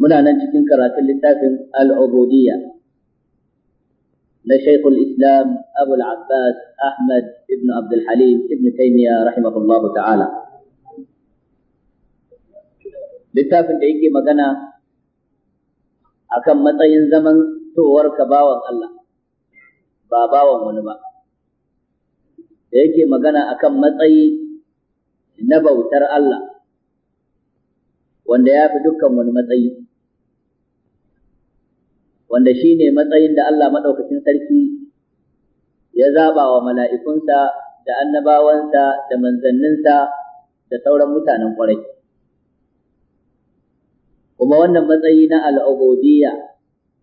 muna nan cikin karatun littafin al'ubudiyya na Shaikhul Islam Abu al-Abbas Ahmad ibn Abdul Halim ibn Taymiyyah rahimahullahu ta'ala. Littafin da yake magana akan matsayin zaman towar ka bawan Allah, ba bawan wani ba. Da yake magana akan matsayi na bautar Allah, wanda ya fi dukkan wani matsayi. wanda shi ne matsayin da Allah maɗaukacin sarki ya zaɓa wa mala'ikunsa da annabawansa da manzanninsa da sauran mutanen ƙwarai. Kuma wannan matsayi na al'ubudiyya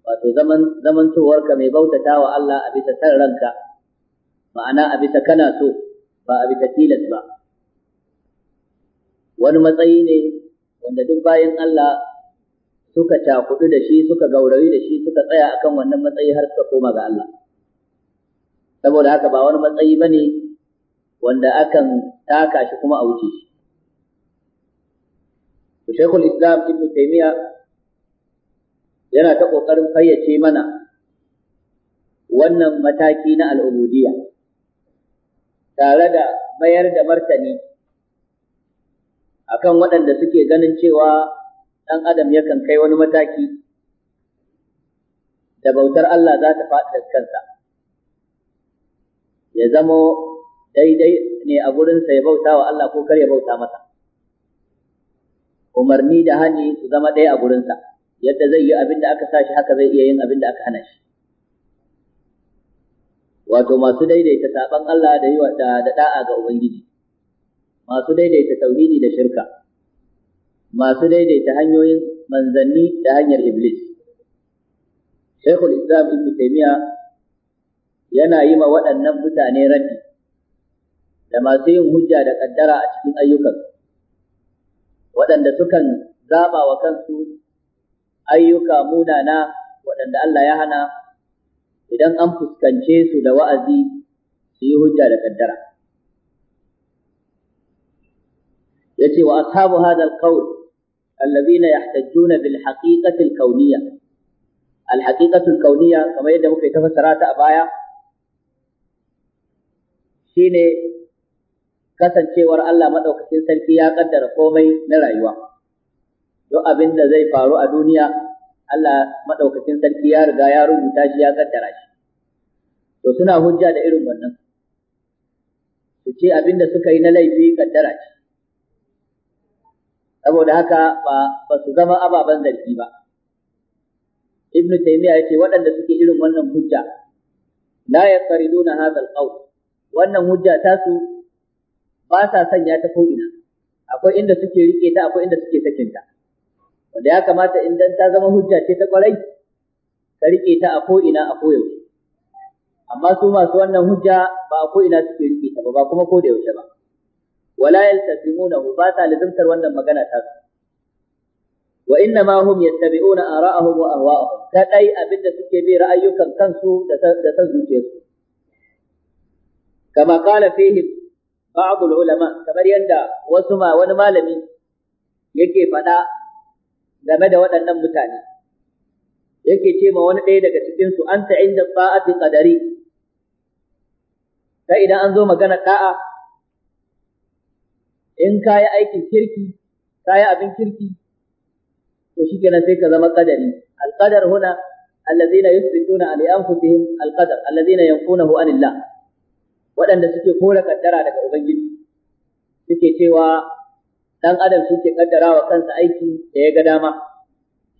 wato zamantowarka mai bautata wa Allah a bisa san ranka, ma'ana a bisa kana so ba a bisa tilas ba. Wani matsayi ne wanda duk bayan Allah suka cakudu da shi suka gaurayi da shi suka tsaya akan wannan matsayi har suka koma ga Allah saboda haka ba wani matsayi bane wanda akan taka shi kuma a wuce shi to Islam Ibn yana ta ƙoƙarin fayyace mana wannan mataki na al'ubudiyya tare da mayar da martani akan waɗanda suke ganin cewa ɗan adam yakan kai wani mataki da bautar Allah za ta faɗi kansa ya zamo daidai ne a gurinsa ya bauta wa Allah ko kar ya bauta masa umarni da hani su zama ɗaya a gurinsa yadda zai yi abin da aka sa shi haka zai iya yin abin da aka hana shi wato masu daidaita saban Allah da yi da da'a ga Ubangiji masu daidaita tauhidi da shirka masu daidaita hanyoyin manzanni da hanyar iblis Shekul islam ibn taymiya yana yi ma waɗannan mutane rabi da masu yin hujja da kaddara a cikin ayyukan, waɗanda sukan zaɓa wa kansu ayyuka munana waɗanda Allah ya hana idan an fuskance su da wa'azi su yi hujja da kaddara yace wa ashabu hadha al-qawl الذين يحتجون بالحقيقة الكونية الحقيقة الكونية كما يدعو في تفسيرات أبايا شيني kasancewar Allah maɗaukakin sarki ya ƙaddara komai na rayuwa, duk abin zai faru a duniya, Allah maɗaukakin sarki ya riga ya rubuta shi ya To suna hujja da irin wannan, su ce abin da suka yi na laifi ƙaddara ce, saboda haka ba su zama ababen zargi ba ibn taymiya ce waɗanda suke irin wannan hujja la yaqriduna nuna haɗar ƙau, wannan hujja ta su ba sa sanya ta ko'ina. akwai inda suke riƙe ta akwai inda suke sakinta wanda ya kamata in dan ta zama hujja ce ta ƙwarai, ka riƙe ta a ko'ina a koyaushe amma su masu wannan hujja ba a ko'ina suke riƙe ta ba ba kuma ko da yaushe ba wala yaltazimunahu ba ta lazimtar wannan magana ta su wa inna ma hum yattabi'una ara'ahum wa ahwa'ahum kadai abinda suke bi ra'ayyukan kansu da da san zuciyarsu kama qala fihi ba'd ulama kamar yanda wasu ma wani malami yake faɗa game da waɗannan mutane yake ce ma wani ɗaya daga cikin su anta inda sa'ati qadari sai idan an zo magana da'a in ka yi aikin kirki ka yi abin kirki to shi kenan sai ka zama kadari Alƙadar huna allazina Allah li anfusihim alqadar allazina yanfunahu anillah waɗanda suke kore kaddara daga ubangiji suke cewa dan adam shi ke wa kansa aiki da ya ga dama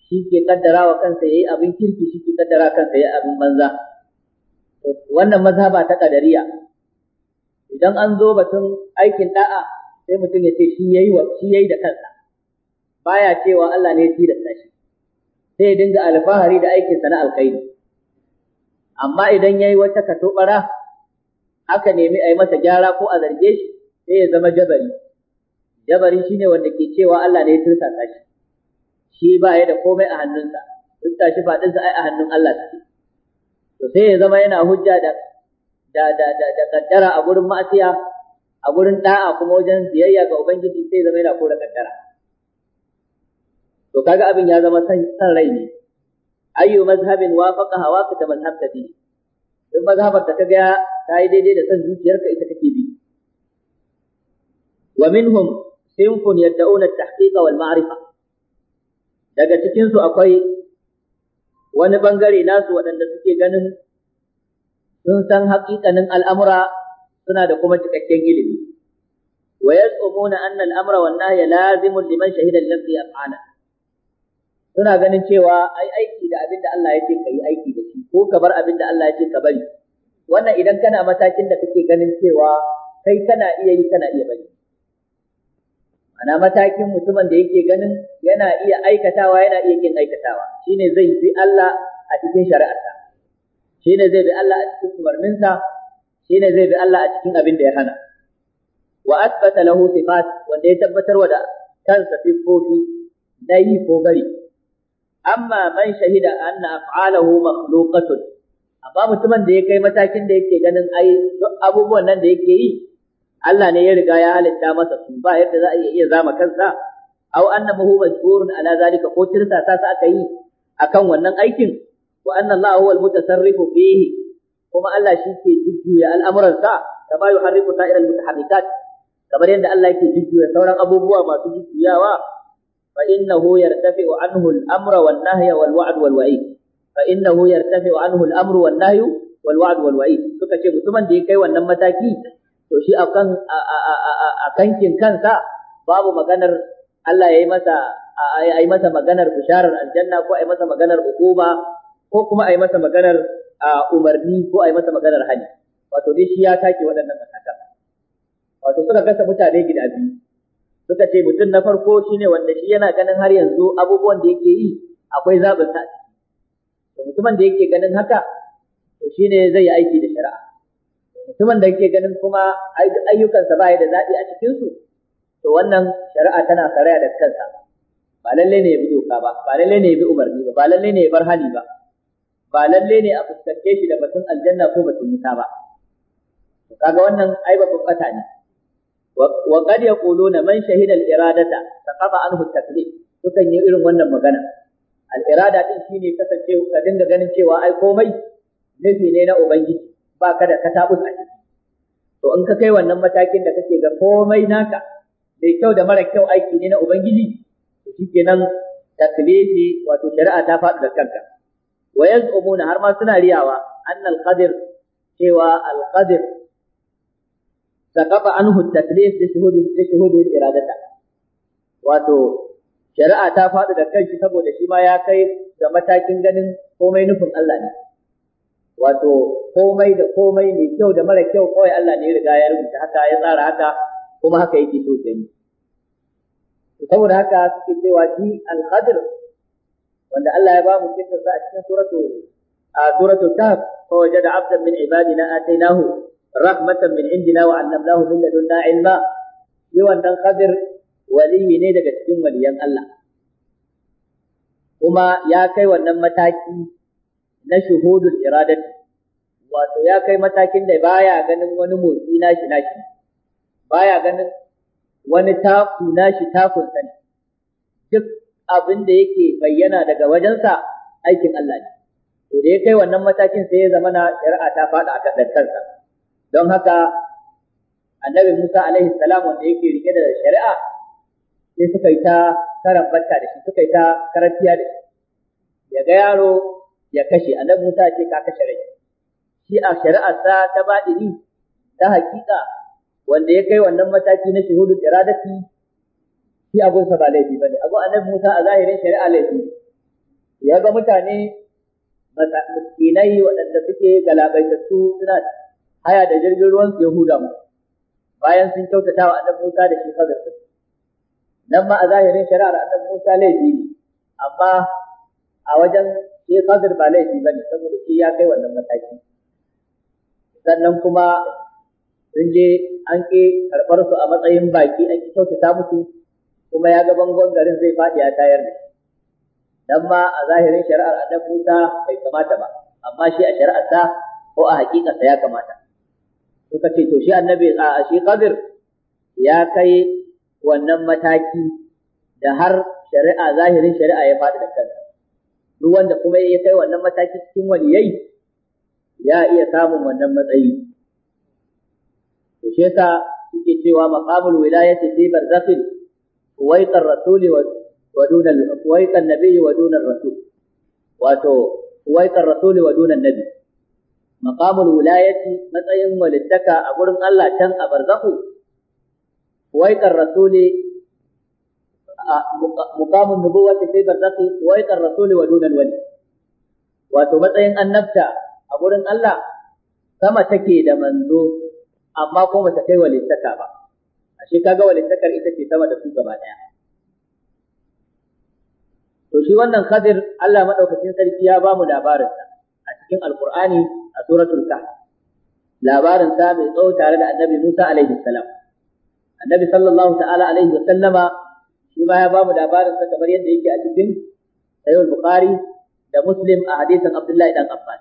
shi ke wa kansa yayi abin kirki shi ke kaddara kansa yayi abin banza wannan mazhaba ta kadariya idan an zo batun aikin da'a sai mutum ya ce shi ya yi da kansa baya cewa Allah ne ya da tashi sai ya dinga alfahari da aikin na alkhairi amma idan ya yi wata katobara aka nemi a yi masa gyara ko a zarge shi sai ya zama jabari jabari shine wanda ke cewa Allah ne ya da shi shi ba ya da komai a hannunsa duk tashi faɗinsa ai a hannun Allah take to sai ya zama yana hujja da da da da, da kaddara a gurin ma'asiya a gurin ɗa'a, kuma wajen biyayya ga ubangiji sai zama yana kora kaddara to kaga abin ya zama san rai ne ayyu mazhabin wafaqa hawa ka mazhab ta bi duk mazhabar da kaga ta yi daidai da san zuciyarka ita kake bi wa minhum sinfun yad'una at wal ma'rifa daga cikin su akwai wani bangare nasu waɗanda suke ganin sun san haƙiƙanin al'amura suna da kuma cikakken ilimi wa yazumuna anna al-amra wan nahya lazimun liman shahida lillahi af'ala suna ganin cewa ai aiki da abin da Allah ya ce kai aiki da shi ko ka bar abin da Allah ya ce ka bari wannan idan kana matakin da kake ganin cewa kai kana iya yi kana iya bari ana matakin mutumin da yake ganin yana iya aikatawa yana iya kin aikatawa shine zai bi Allah a cikin shari'arsa shine zai bi Allah a cikin umarninsa shine zai bi Allah a cikin abin da ya hana wa asbata lahu sifat wanda ya wa da kansa sifofi na yi ko gari amma man shahida anna af'aluhu makhluqatun amma mutumin da ya kai matakin da yake ganin ai abubuwan nan da yake yi Allah ne ya riga ya halitta masa su ba yadda za a iya zama kansa aw annahu majburun ala zalika ko tirsa ta sa aka yi akan wannan aikin wa anna Allah huwa al-mutasarrifu fihi kuma Allah shi ke jujjuya al'amuransa da ba kama yuharriku sa'iral mutaharrikat kamar yadda Allah yake jujjuya sauran abubuwa masu jujjuyawa fa innahu yartafi'u anhu al-amra wan nahya wal wa'd wal wa'id fa innahu yartafi'u anhu al-amru wan nahyu wal wa'd wal wa'id suka ce mutumin da ya kai wannan mataki to shi akan akankin kansa babu maganar Allah ya yi masa a yi masa maganar bisharar aljanna ko a yi masa maganar ukuba ko kuma a yi masa maganar A umarni ko a yi masa maganar hali wato dai shi ya take waɗannan matakan wato suka kasa mutane gida biyu suka ce mutum na farko shine wanda shi yana ganin har yanzu abubuwan da yake yi akwai zaɓin sa to mutumin da yake ganin haka to shine zai yi aiki da shari'a mutumin da yake ganin kuma ayyukansa ba da zaɓi a cikinsu to wannan shari'a tana karaya da kansa ba lallai ne ya bi doka ba ba lallai ne ya bi umarni ba ba lallai ne ya bar hali ba ba lalle ne a fuskance shi da batun aljanna ko batun wuta ba kaga wannan ai babban kata ne wa qad yaquluna man shahida al iradata taqaba anhu at taklif sukan yi irin wannan magana al irada din shine kasance ka dinga ganin cewa ai komai nufi ne na ubangiji ba ka da a ciki to in ka kai wannan matakin da kake ga komai naka mai kyau da mara kyau aiki ne na ubangiji to shikenan taklifi wato shari'a ta faɗi da kanka wa yaz'umuna har ma suna riyawa annal qadir cewa al qadir saqata anhu taklif bi shuhudi bi shuhudi iradata wato shari'a ta faɗi da kanshi saboda shi ma ya kai ga matakin ganin komai nufin Allah ne wato komai da komai mai kyau da mara kyau kawai Allah ne ya riga ya rubuta haka ya tsara haka kuma haka yake so gani saboda haka suke cewa shi al-Qadir wanda Allah ya ba mu sa a cikin suratu a suratu kaf fa wajada abdan min ibadina atainahu rahmatan min indina wa 'allamnahu min ladunna ilma Yi wannan qadir waliyi ne daga cikin waliyan Allah kuma ya kai wannan mataki na shuhudul iradati wato ya kai matakin da baya ganin wani motsi nashi nashi baya ganin wani taku nashi takun sani duk abin da yake bayyana daga wajensa aikin Allah ne to da ya kai wannan matakin sai ya zama na shari'a ta faɗa a kan kansa don haka annabi Musa alaihi salam wanda yake rike da shari'a sai suka yi ta karambata da shi suka yi ta karantiya da shi ya ga yaro ya kashe annabi Musa ya ce ka kashe rai shi a sa ta baɗini ta hakika wanda ya kai wannan mataki na da iradati shi abunsa ba laifi ba ne abun annabi Musa a zahirin shari'a laifi ya ga mutane masakinai waɗanda suke galabaitattu suna haya da jirgin ruwan su Yahuda mu bayan sun kyautata wa annabi Musa da shi fadar su nan ma a zahirin shari'ar annabi Musa laifi ne amma a wajen shi Khadir ba laifi ne, saboda shi ya kai wannan mataki sannan kuma sun je an ƙi karɓar su a matsayin baki an ƙi kyautata musu kuma ya ga bangon garin zai faɗi a tayar da shi dan ma a zahirin shari'ar annan Musa bai kamata ba amma shi a shari'arsa ko a haƙiƙarsa ya kamata suka ce to shi annabi a shi Qadir ya kai wannan mataki da har shari'a zahirin shari'a ya faɗi da kansa duk wanda kuma ya kai wannan mataki cikin waliyai ya iya samun wannan matsayi to shi yasa suke cewa maqamul wilayati fi barzakhin ويق الرسول ودون ويق النبي ودون الرسول واتو ويق الرسول ودون النبي مقام الولاية متأين ولدك أقول الله كان أبرزه ويق الرسول مقام النبوة في برزقه ويق الرسول ودون الولي واتو متأين النبتة أقول الله sama take da manzo amma kuma ta kai walittaka ba ashe kaga walittakar ita ce sama da su gaba daya to shi wannan khadir Allah madaukakin sarki ya bamu labarin sa a cikin alqur'ani a suratul kahf labarin sa mai tsawo tare da annabi Musa alaihi salam annabi sallallahu ta'ala alaihi wa sallama shi ma ya bamu labarin sa kamar yadda yake a cikin sahih bukhari da muslim a hadisin abdullahi dan abbas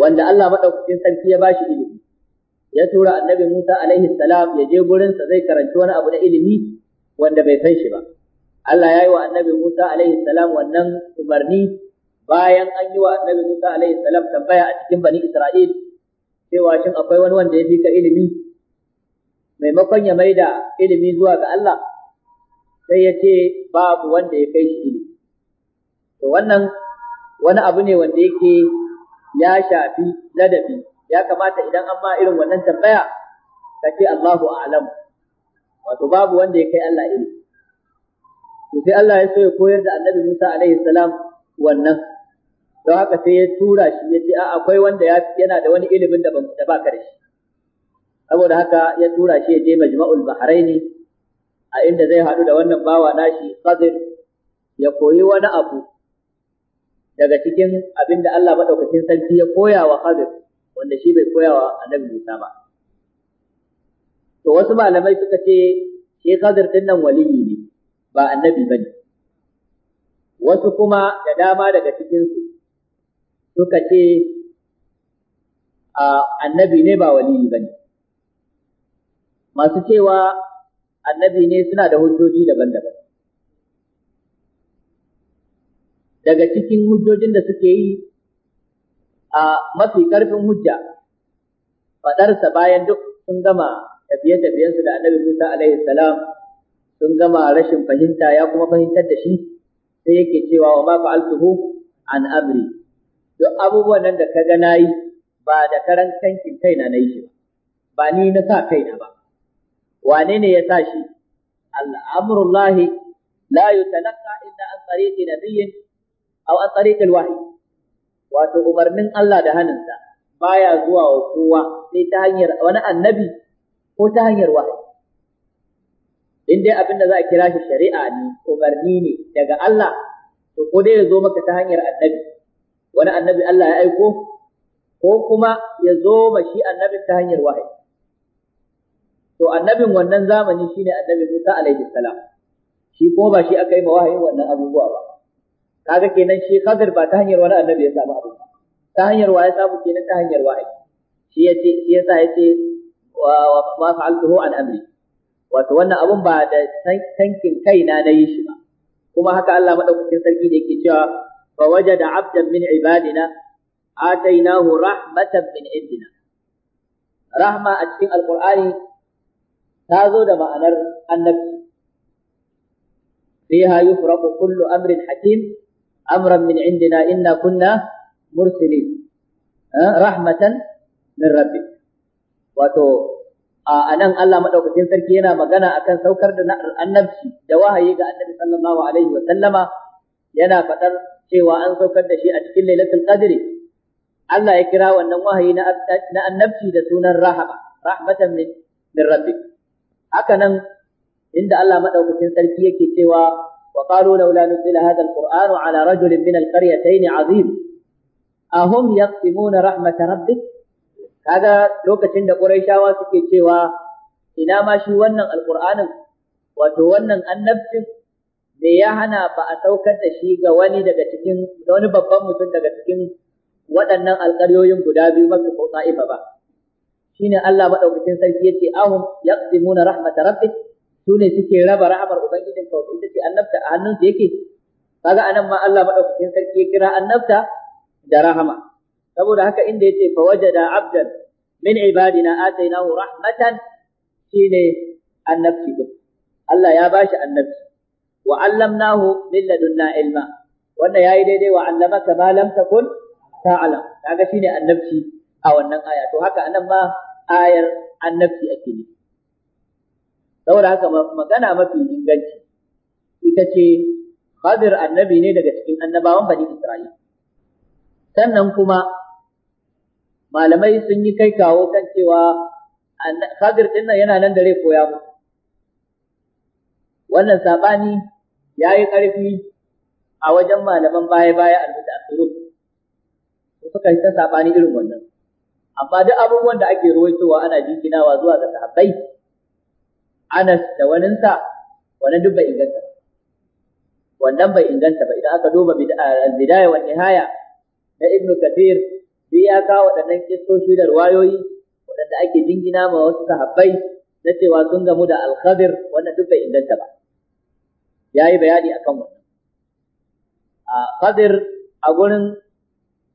wanda Allah madaukakin sarki ya bashi ilimi ya tura annabi Musa alaihi salam ya je gurinsa zai karanci wani abu na ilimi wanda bai san shi ba Allah ya yi wa annabi Musa alaihi salam wannan umarni bayan an yi wa annabi Musa alaihi salam tambaya a cikin bani Isra'il cewa shin akwai wani wanda ya fi ka ilimi maimakon ya maida ilimi zuwa ga Allah sai ya ce babu wanda ya kai shi to wannan wani abu ne wanda yake ya shafi ladabi ya kamata idan an ba irin wannan tambaya ka ce Allahu a'lam wato babu wanda ya kai Allah ilimi to sai Allah ya so ya koyar da Annabi Musa alaihi salam wannan don haka sai ya tura shi ya ce akwai wanda yana da wani ilimin da ba ka da shi saboda haka ya tura shi ya je majma'ul bahraini a inda zai haɗu da wannan bawa nashi qadir ya koyi wani abu daga cikin abinda da Allah madaukakin sarki ya koya wa wanda shi bai koyawa annabi Musa ba to wasu malamai suka ce shi Khadir din nan waliyi ne ba annabi bane wasu kuma da dama daga cikin su suka ce a annabi ne ba waliyi bane masu cewa annabi ne suna da hujjoji daban-daban daga cikin hujjojin da suke yi a mafi ƙarfin hujja faɗarsa bayan duk sun gama tafiye-tafiyensu da annabi Musa alaihi salam sun gama rashin fahimta ya kuma fahimtar da shi sai yake cewa wa ma fa'altuhu an amri duk abubuwan nan da ka ga nayi ba da karan kankin kaina na yi shi ba ni na sa kaina ba wane ne ya sa shi al'amrullahi la yutalaqqa illa an tariqi nabiyyin aw an tariqi alwahyi wato umarnin Allah da haninsa baya zuwa wa kowa sai ta hanyar wani annabi ko ta hanyar wahayi in dai abin da za a kira shi shari'a ne umarni ne daga Allah to ko dai ya zo maka ta hanyar annabi wani annabi Allah ya aiko ko kuma ya zo ma shi annabi ta hanyar wahayi to annabin wannan zamani shine annabi Musa alaihi salam shi ko ba shi aka yi ma wahayin wannan abubuwa ba kaga kenan shi Khadir ba ta hanyar wani annabi ya samu abu ta hanyar wa ya samu kenan ta hanyar wa shi ya ce shi yasa ce wa ma fa'altuhu an amri wato wannan abun ba da tankin kaina na yi shi ba kuma haka Allah madaukakin sarki da yake cewa fa wajada abdan min ibadina atainahu rahmatan min indina rahma a cikin alqur'ani ta zo da ma'anar annabi fiha yufraqu kullu amrin hakim amran min indina inna kunna mursalin rahmatan min rabbik wato a nan Allah madaukakin sarki yana magana akan saukar da annabci da wahayi ga annabi sallallahu alaihi wa sallama yana faɗar cewa an saukar da shi a cikin lailatul qadri Allah ya kira wannan wahayi na na annabci da sunan rahama rahmatan min min haka nan inda Allah madaukakin sarki yake cewa وقالوا لولا نزل هذا القرآن على رجل من القريتين عظيم أهم يقسمون رحمة ربك هذا لوكتين da Qurayshawa suke cewa ina ma shi wannan alqur'anin wato wannan annabcin me ya hana ba a saukar da shi ga wani babban mutum daga cikin waɗannan alƙaryoyin guda biyu maka ko ta'ifa ba Shin Allah madaukakin sarki yace ahum yaqsimuna rahmata rabbik su ne suke raba rahamar ubangijin ka wanda ita ce annabta a hannunsu yake kaga anan ma Allah madaukakin sarki ya kira annabta da rahama saboda haka inda ya ce fa waje da abdan min ibadina nahu, rahmatan shine annabci din Allah ya ba bashi annabci wa allamnahu min na ilma wannan yi daidai wa allamaka ma lam takun ta'lam kaga shine annabci a wannan aya to haka anan ma ayar annabci ake nufi saboda haka magana mafi inganci ita ce hadir annabi ne daga cikin annabawan Bani Isra'ila sannan kuma malamai sun yi kai kawo kan cewa hadir din nan yana nan da rai koya mu wannan sabani yi ƙarfi a wajen malaman baya-baya al su suka yi ta sabani irin wannan amma duk abubuwan da ake ruwaitowa ana jinginawa zuwa ga sahabbai Anas da waninsa wani duk bai inganta ba wannan bai inganta ba idan aka duba al-bidaya wa nihaya na Ibn kathir sai ya kawo waɗannan kistoshi da ruwayoyi waɗanda ake jingina ma wasu sahabbai na cewa sun gamu da al-khadir wannan duk bai inganta ba yayi bayani akan wannan a khadir a gurin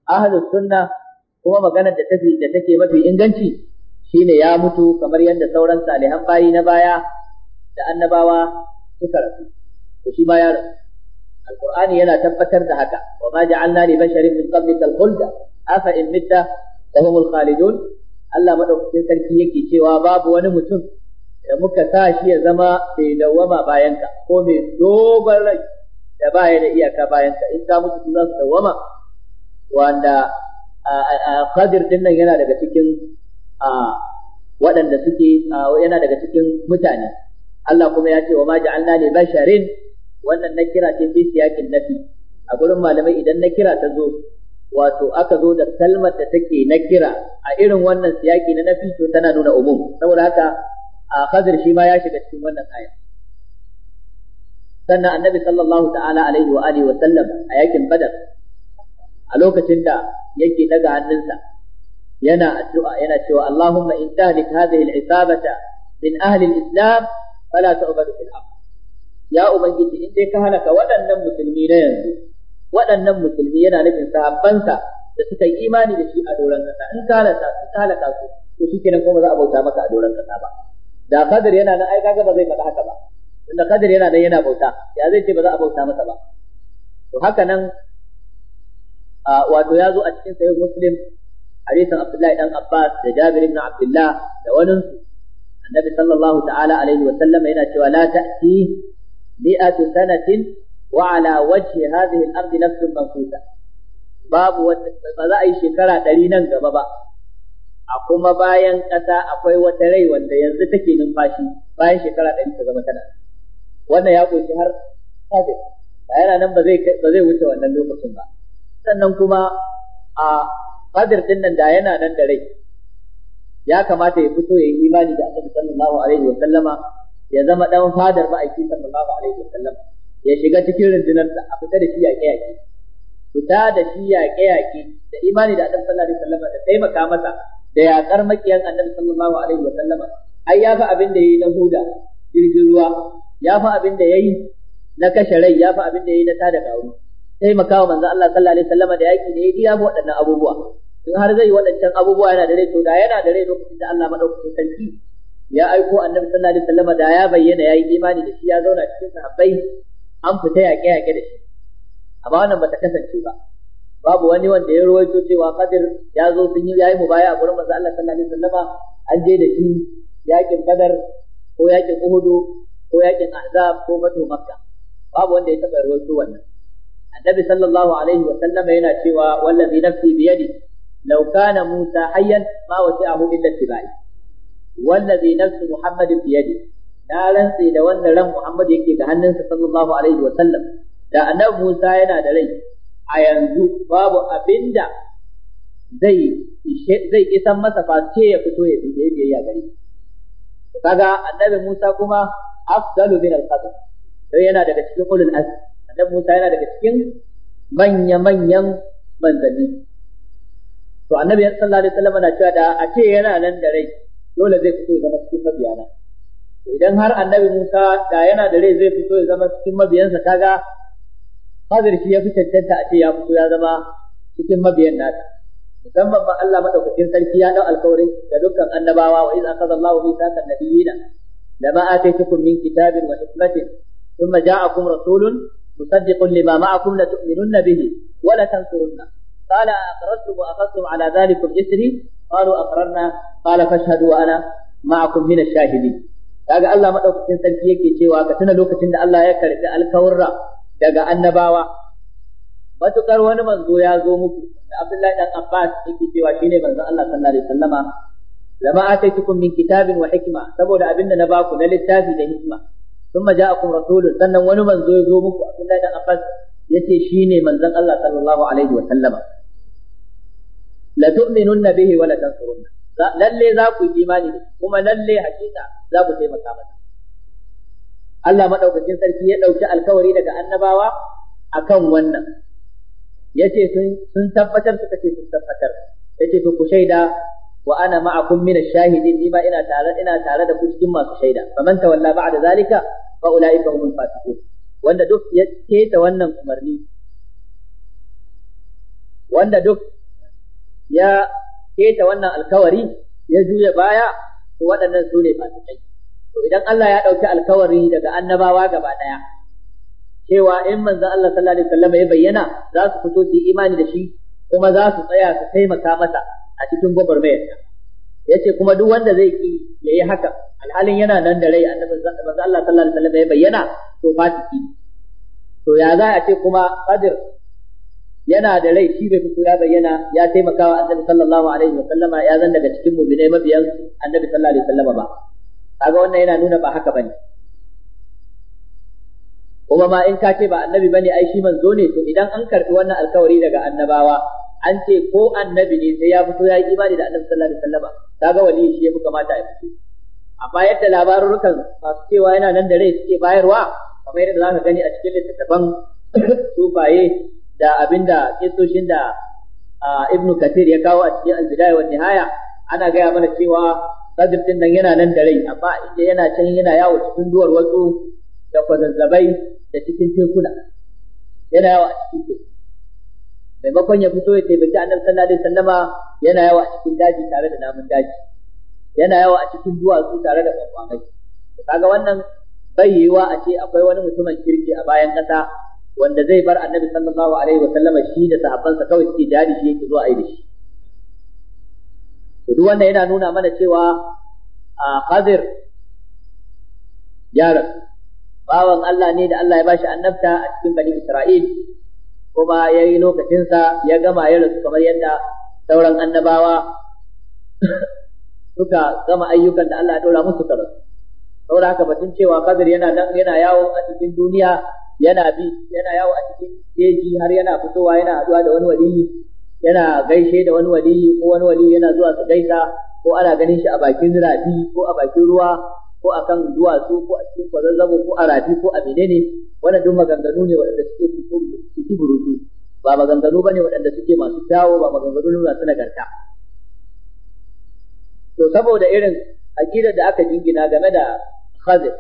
ahlus sunna kuma maganar da take da take mafi inganci shine ya mutu kamar yadda sauran salihan bayi na baya da annabawa suka rasu to shi ma ya rasu alqur'ani yana tabbatar da haka wa ma ja'alna li basharin min qablika al afa in mitta humul khalidun Allah madaukakin sarki yake cewa babu wani mutum da muka sa shi ya zama mai dawwama bayanka ko mai dogon rai da baya da iyaka bayanka in ka mutu za su dawwama wanda a qadir din nan yana daga cikin waɗanda suke yana daga cikin mutane Allah kuma ya ce wa ma ja'alna li basharin wannan na kira ce fi siyakin nafi a gurin malamai idan na kira ta zo wato aka zo da kalmar da take na kira a irin wannan siyaki na nafi to tana nuna umum saboda haka a hazir shi ma ya shiga cikin wannan aya sannan annabi sallallahu ta'ala alaihi wa alihi wa sallam a yakin badar a lokacin da yake daga hannunsa yana addu'a yana cewa Allahumma in tahlik hadhihi al-isabata min ahli al-islam fala ta'budu fil ardh ya ubangiji in dai ka halaka waɗannan musulmi na yanzu waɗannan musulmi yana nufin sahabbansa da suka imani da shi a doron kasa in ka halaka in ka halaka su kuma za a bauta maka a doron kasa ba da kadir yana nan ai kaga ba zai faɗa haka ba tunda kadir yana nan yana bauta ya zai a bauta ba to haka nan wato ya zo a cikin sahih muslim hadisin Abdullahi dan Abbas da Jabir ibn Abdullah da wani annabi sallallahu ta'ala alaihi wa sallam yana cewa la ta'ti mi'atu sanatin wa ala wajhi hadhihi al-ard nafsun manfusa babu wata ba za a yi shekara ɗari nan gaba ba a kuma bayan ƙasa akwai wata rai wanda yanzu take numfashi bayan shekara ɗari ta zama tana wannan ya ƙunshi har ba yana nan ba zai wuce wannan lokacin ba sannan kuma a Fadar din nan da yana nan da rai ya kamata ya fito ya yi imani da Annabi sallallahu alaihi wa sallama ya zama dan fadar ma'aiki sallallahu alaihi wa sallama ya shiga cikin rundunar da a fita da shi yaƙe yaƙe fita da shi yaƙe yaƙe da imani da Annabi sallallahu alaihi wa sallama da taimaka masa da yaƙar makiyan Annabi sallallahu alaihi wa sallama ai ya fi abin da yayi na huda jirgin ruwa ya fi abin da yayi na kashe rai ya fi abin da yayi na tada gawo taimaka wa manzo Allah sallallahu alaihi wa sallama da yaƙi da yayi ya fi waɗannan abubuwa in har zai waɗancan abubuwa yana da rai to da yana da rai lokacin da Allah madaukakin sarki ya aiko annabi sallallahu alaihi wasallam da ya bayyana yayi imani da shi ya zauna cikin sahabbai an fita yaƙe yaƙe da shi amma wannan bata kasance ba babu wani wanda ya rawaito cewa kadir ya zo sun yi yayi mubaya a gurin manzo Allah sallallahu alaihi wasallama an je da shi yaƙin kadar ko yaƙin uhudu ko yaƙin Ahzab ko mato Makka babu wanda ya taɓa rawaito wannan annabi sallallahu alaihi wasallama yana cewa wallazi nafsi biyadi لو كان موسى حيا ما وسعه إلا اتباعي والذي نفس محمد بيده na rantse da wannan ran Muhammad yake da hannunsa sallallahu alaihi wa sallam da annabi Musa yana da rai a yanzu babu abinda zai zai isan masa fa ya fito ya yi biyayya gare shi kaga annabi Musa kuma afdalu min al-qadr dan yana daga cikin ulul azm annabi Musa yana daga cikin manya manyan manzanni to annabi sallallahu alaihi wasallam na cewa da a ce yana nan da rai dole zai fito ya zama cikin mabiyana to idan har annabi Musa da yana da rai zai fito ya zama cikin mabiyansa kaga Hazir shi ya fi cancanta a ce ya fito ya zama cikin mabiyan nata musamman ma Allah madaukakin sarki ya dau alƙawarin da dukkan annabawa wa iz akhadha Allahu mithaqa nabiyina lama ataytukum min kitabin wa hikmatin thumma ja'akum rasulun musaddiqun lima ma'akum la tu'minunna bihi wa la tansurunna قال أقررتم وأخذتم على ذلكم إسري قالوا أقررنا قال فاشهدوا وأنا معكم من الشاهدين kaga Allah madaukakin sarki yake cewa ka tuna lokacin da Allah ya karbi alkawarra daga annabawa matukar wani manzo ya zo muku da Abdullahi dan Abbas yake cewa shine manzo Allah sallallahu alaihi wasallama lama ataitukum min kitabin wa hikma saboda abin da na baku na littafi da hikma thumma ja'akum rasulun sannan wani manzo ya zo muku Abdullahi dan Abbas yace ne manzon Allah sallallahu alaihi wa sallama la tu'minunna bihi wa la tansurunna lalle za ku yi imani da kuma lalle hakika za ku taimaka masa Allah madaukakin sarki ya dauki alkawari daga annabawa akan wannan yace sun sun tabbatar suka ce sun tabbatar yace to ku shaida wa ana ma'akum min ash-shahidin ni ina tare ina tare da ku cikin masu shaida faman tawalla ba'da zalika fa ulaika humul fasiqun wanda duk ya keta wannan umarni wanda duk ya keta wannan alkawari ya juya baya to waɗannan su ne fasikai to idan Allah ya ɗauki alkawari daga annabawa gaba ɗaya cewa in manzon Allah sallallahu alaihi wasallam ya bayyana za su fito su yi imani da shi kuma za su tsaya su taimaka masa a cikin gwagwarmayarsa ya ce kuma duk wanda zai ki ya yi haka alhalin yana nan da rai annabi manzo Allah sallallahu alaihi wasallam ya bayyana to fatiki to ya za a ce kuma qadir yana da rai shi bai fito ya bayyana ya taimakawa annabi sallallahu alaihi wasallam ya zan daga cikin mu'minai mabiyan annabi sallallahu alaihi wasallam ba kaga wannan yana nuna ba haka bane kuma ma in ka ce ba annabi bane ai shi manzo ne to idan an karbi wannan alkawari daga annabawa an ce ko annabi ne sai ya fito ya yi imani da annabi sallallahu alaihi wasallam kaga wali shi ya fi kamata ya fito a bayar da labarurukan masu cewa yana nan da rai suke bayarwa kamar yadda za ka gani a cikin littattafan sufaye da abin da kistoshin da ibnu kathir ya kawo a cikin albidaya wa nihaya ana gaya mana cewa sadr din nan yana nan da rai amma inda yana can yana yawo cikin duwar wasu da kwazazzabai da cikin tekuna yana yawo a cikin teku maimakon ya fito ya taimaki annabi sallallahu alaihi wasallama yana yawo a cikin daji tare da namun daji yana yawa a cikin duwatsu tare da kwankwamai kaga wannan bai yiwa a ce akwai wani mutumin kirki a bayan ƙasa wanda zai bar annabi sallallahu alaihi wa sallama shi da sahabbansa kawai suke jari shi yake zuwa aiki shi duk wannan yana nuna mana cewa a hazir ya rasu bawan Allah ne da Allah ya bashi annabta a cikin bani Isra'il kuma ya yi lokacinsa ya gama ya rasu kamar yadda sauran annabawa suka gama ayyukan da Allah ya ɗora musu karatu saboda haka batun cewa kadir yana nan yana yawo a cikin duniya yana bi yana yawo a cikin jeji har yana fitowa yana haɗuwa da wani wali yana gaishe da wani wali ko wani wali yana zuwa su gaisa ko ana ganin shi a bakin rafi ko a bakin ruwa ko a kan duwatsu ko a cikin kwazazzabo ko a rafi ko a menene wannan duk maganganu ne waɗanda suke su ci burutu ba maganganu bane waɗanda suke masu kyawo ba maganganu ne masu nagarta to saboda irin aqidar da aka jingina game da khazir,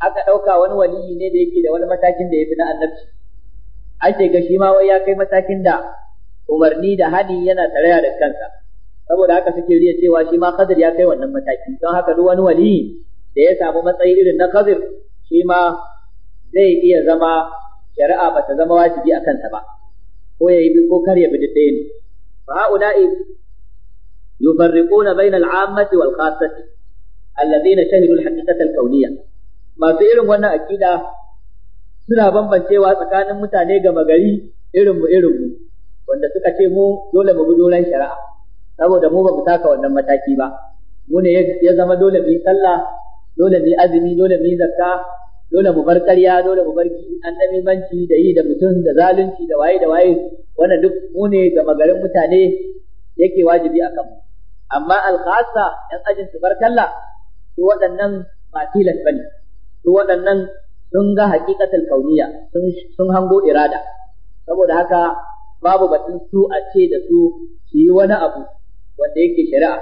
aka ɗauka wani waliyi ne da yake da wani matakin da yafi na annabci ake ga shi ma wai ya kai matakin da umarni da hadi yana tarayya da kansa saboda haka suke riya cewa shi ma khazir ya kai wannan mataki don haka duk wani waliyi da ya samu matsayi irin na khazir shi ma zai iya zama shari'a bata zama wajibi a kansa ba ko ya yi ko kar ya bi duk ɗaya ne fa ha'ula'i yufarriquna bainal ammati wal khassati alladhina shahidu al haqiqata al kawniyya masu irin wannan akida suna bambancewa tsakanin mutane gama gari irin mu irin mu wanda suka ce mu dole mu bi dolan shari'a saboda mu ba mu taka wannan mataki ba mu ne ya zama dole mu sallah dole mu yi azumi dole mu yi zakka dole mu bar ƙarya dole mu bar annabi manci da yi da mutum da zalunci da waye da wannan duk mu ne ga magarin mutane yake wajibi akan kanmu amma alkhasa yan ajin su barkalla su waɗannan ba tilas bane su waɗannan sun ga haƙiƙatul kauniya sun hango irada saboda haka babu batun su a ce da su su yi wani abu wanda yake shari'a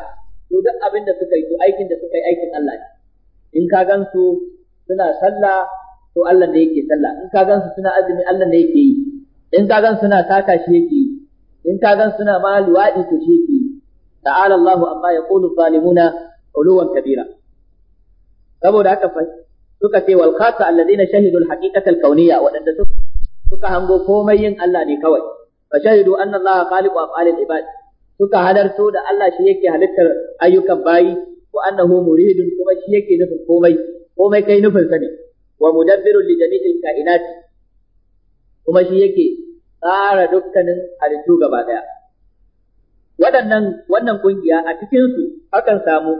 su duk abin da suka yi su aikin da suka yi aikin Allah ne in ka gan su suna sallah to Allah ne yake sallah in ka gan su suna azumi Allah ne yake yi in ka gan suna taka shi yake yi in ka gan suna ma luwaɗi to shi yake ta'ala Allah amma yaqulu zalimuna uluwan kabira saboda haka fa suka ce wal khata alladhina shahidu al haqiqata al kauniyya suka hango komai yin Allah ne kawai fa shahidu anna Allah khaliqu af'al al ibad suka halarto da Allah shi yake halittar ayyukan bayi wa annahu muridun kuma shi yake nufin komai komai kai nufin sa ne wa mudabbirun li jami'il kainat kuma shi yake tsara dukkanin halittu gaba daya waɗannan wannan kungiya a cikin su akan samu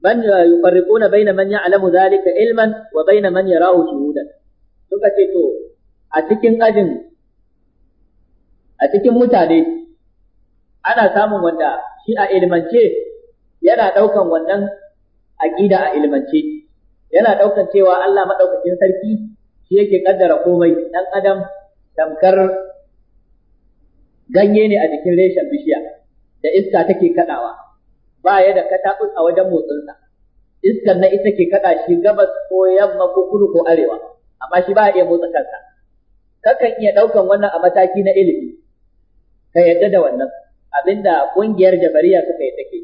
man eh, yufarriquna baina man ya'lamu zalika ilman wa baina man yarahu shuhudan suka ce to a cikin ajin a cikin mutane ana samun wanda shi a ilmance yana ɗaukan wannan aƙida a ilmance yana ɗaukan cewa Allah maɗaukakin sarki shi yake ƙaddara komai ɗan adam tamkar ganye ne a jikin reshen bishiya da iska take kaɗawa ba ya da katakun a wajen motsinsa iskar na ita ke kaɗa shi gabas ko yamma ko kudu ko arewa amma shi ba ya iya motsa kansa kakan iya ɗaukan wannan a mataki na ilimi ka yadda da wannan abinda ƙungiyar jabariya suka yi take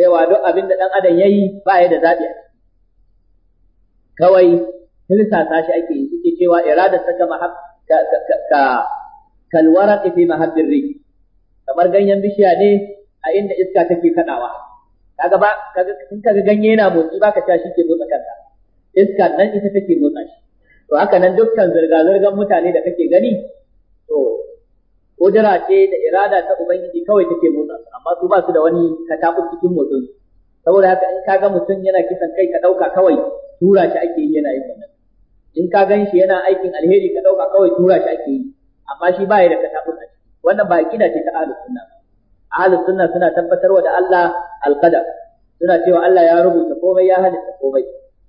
cewa duk abinda ɗan adam ya yi ba ya da zaɓi kawai hirsasa shi ake yi suke cewa irada ta ka kalwarar fi mahabbin ri kamar ganyen bishiya ne a inda iska take kadawa kaga ba kaga in kaga ganye yana motsi baka ta shi ke motsa kanta, iska nan ita take motsa shi to haka nan dukkan zirga zirgan mutane da kake gani to kudura ce da irada ta ubangiji kawai take motsa su amma su ba su da wani katabu cikin motsin saboda haka in kaga mutum yana kisan kai ka dauka kawai tura shi ake yi yana yin wannan in ka gan shi yana aikin alheri ka ɗauka kawai tura shi ake yi amma shi ba ya da katabun wannan ba aqida ce ta ahlus sunna ahlus sunna suna tabbatarwa da Allah al alqadar suna cewa Allah ya rubuta komai ya halitta komai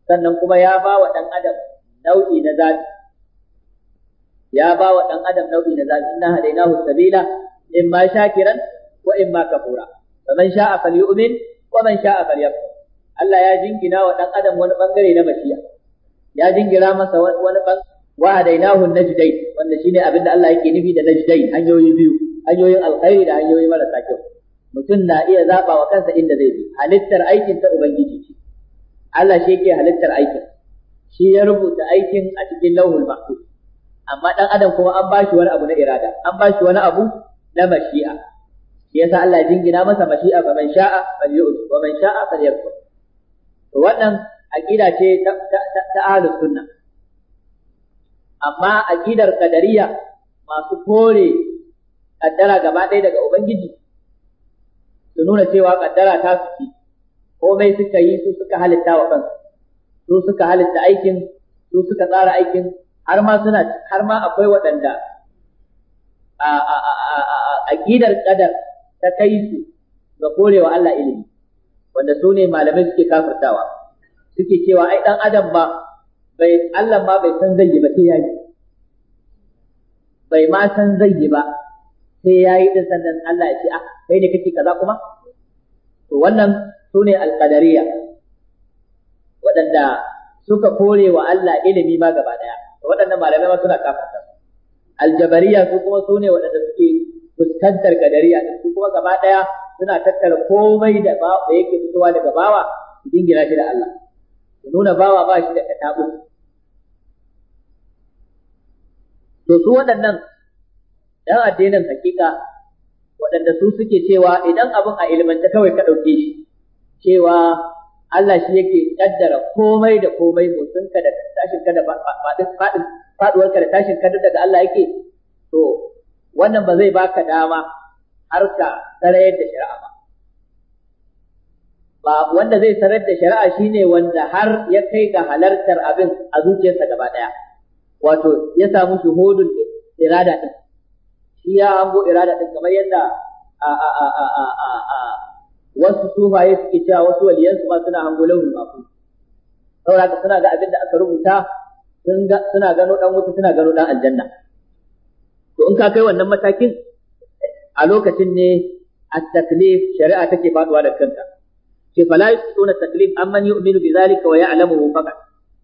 sannan kuma ya ba wa dan adam nau'i na zabi ya ba wa dan adam nau'i na zabi inna hadainahu sabila imma shakiran wa imma kafura faman sha'a falyu'min wa man sha'a falyakfur Allah ya jingina wa dan adam wani bangare na mashiya ya jingira masa wani bangare wa hadainahu najdain wanda shine abinda Allah yake nufi da najdain hanyoyi biyu hanyoyin alkhairi da hanyoyi marasa kyau mutum na iya zaba wa kansa inda zai bi halittar aikin ta ubangiji ce Allah shi yake halittar aikin shi ya rubuta aikin a cikin lauhul mahfuz amma dan adam kuma an bashi wani abu na irada an bashi wani abu na mashi'a shi yasa Allah jingina masa mashi'a fa man sha'a wannan ce ta ta, ta, amma aqidar kadariya masu kore kaddara gaba ɗaya daga ubangiji su nuna cewa kaddara ta su ce komai suka yi su suka halitta wa kansu su suka halitta aikin su suka tsara aikin har ma suna har ma akwai waɗanda aqidar kadar ta kai su ga korewa Allah ilimi wanda su ne malamai suke kafirtawa suke cewa ai dan adam ba bai Allah ma bai san zai yi ba sai yayi bai ma san zai yi ba sai yayi din sannan Allah ya ce ah kai ne kake kaza kuma to wannan sune alqadariya waɗanda suka kore wa Allah ilimi ma gaba daya waɗannan malamai ma suna kafarta aljabariya su kuma sune waɗanda suke fuskantar kadariya su kuma gaba daya suna tattara komai da ba da yake fitowa daga bawa su dingina shi da Allah nuna bawa ba shi da katabu to su waɗannan ɗan addinin hakika waɗanda su suke cewa idan abin a ilmanta kawai ka ɗauke shi cewa Allah shi yake kaddara komai da komai ka da tashin ka da faɗuwar ka da tashin ka daga Allah yake to wannan ba zai baka dama har ka tsarayar da shari'a ba ba wanda zai sanar da shari'a shine wanda har ya kai ga halartar abin a zuciyarsa gaba daya wato ya samu shuhudul irada din shi ya hango irada din kamar yadda a a a a a a a wasu sufaye suke cewa wasu waliyansu ma suna hango lauhul mafu saboda suna ga abin da aka rubuta suna gano dan wuta suna gano dan aljanna to in ka kai wannan matakin a lokacin ne at-taklif shari'a take faduwa da kanta. ce fala yusuna taklif amman yu'minu bi zalika wa ya'lamu faqat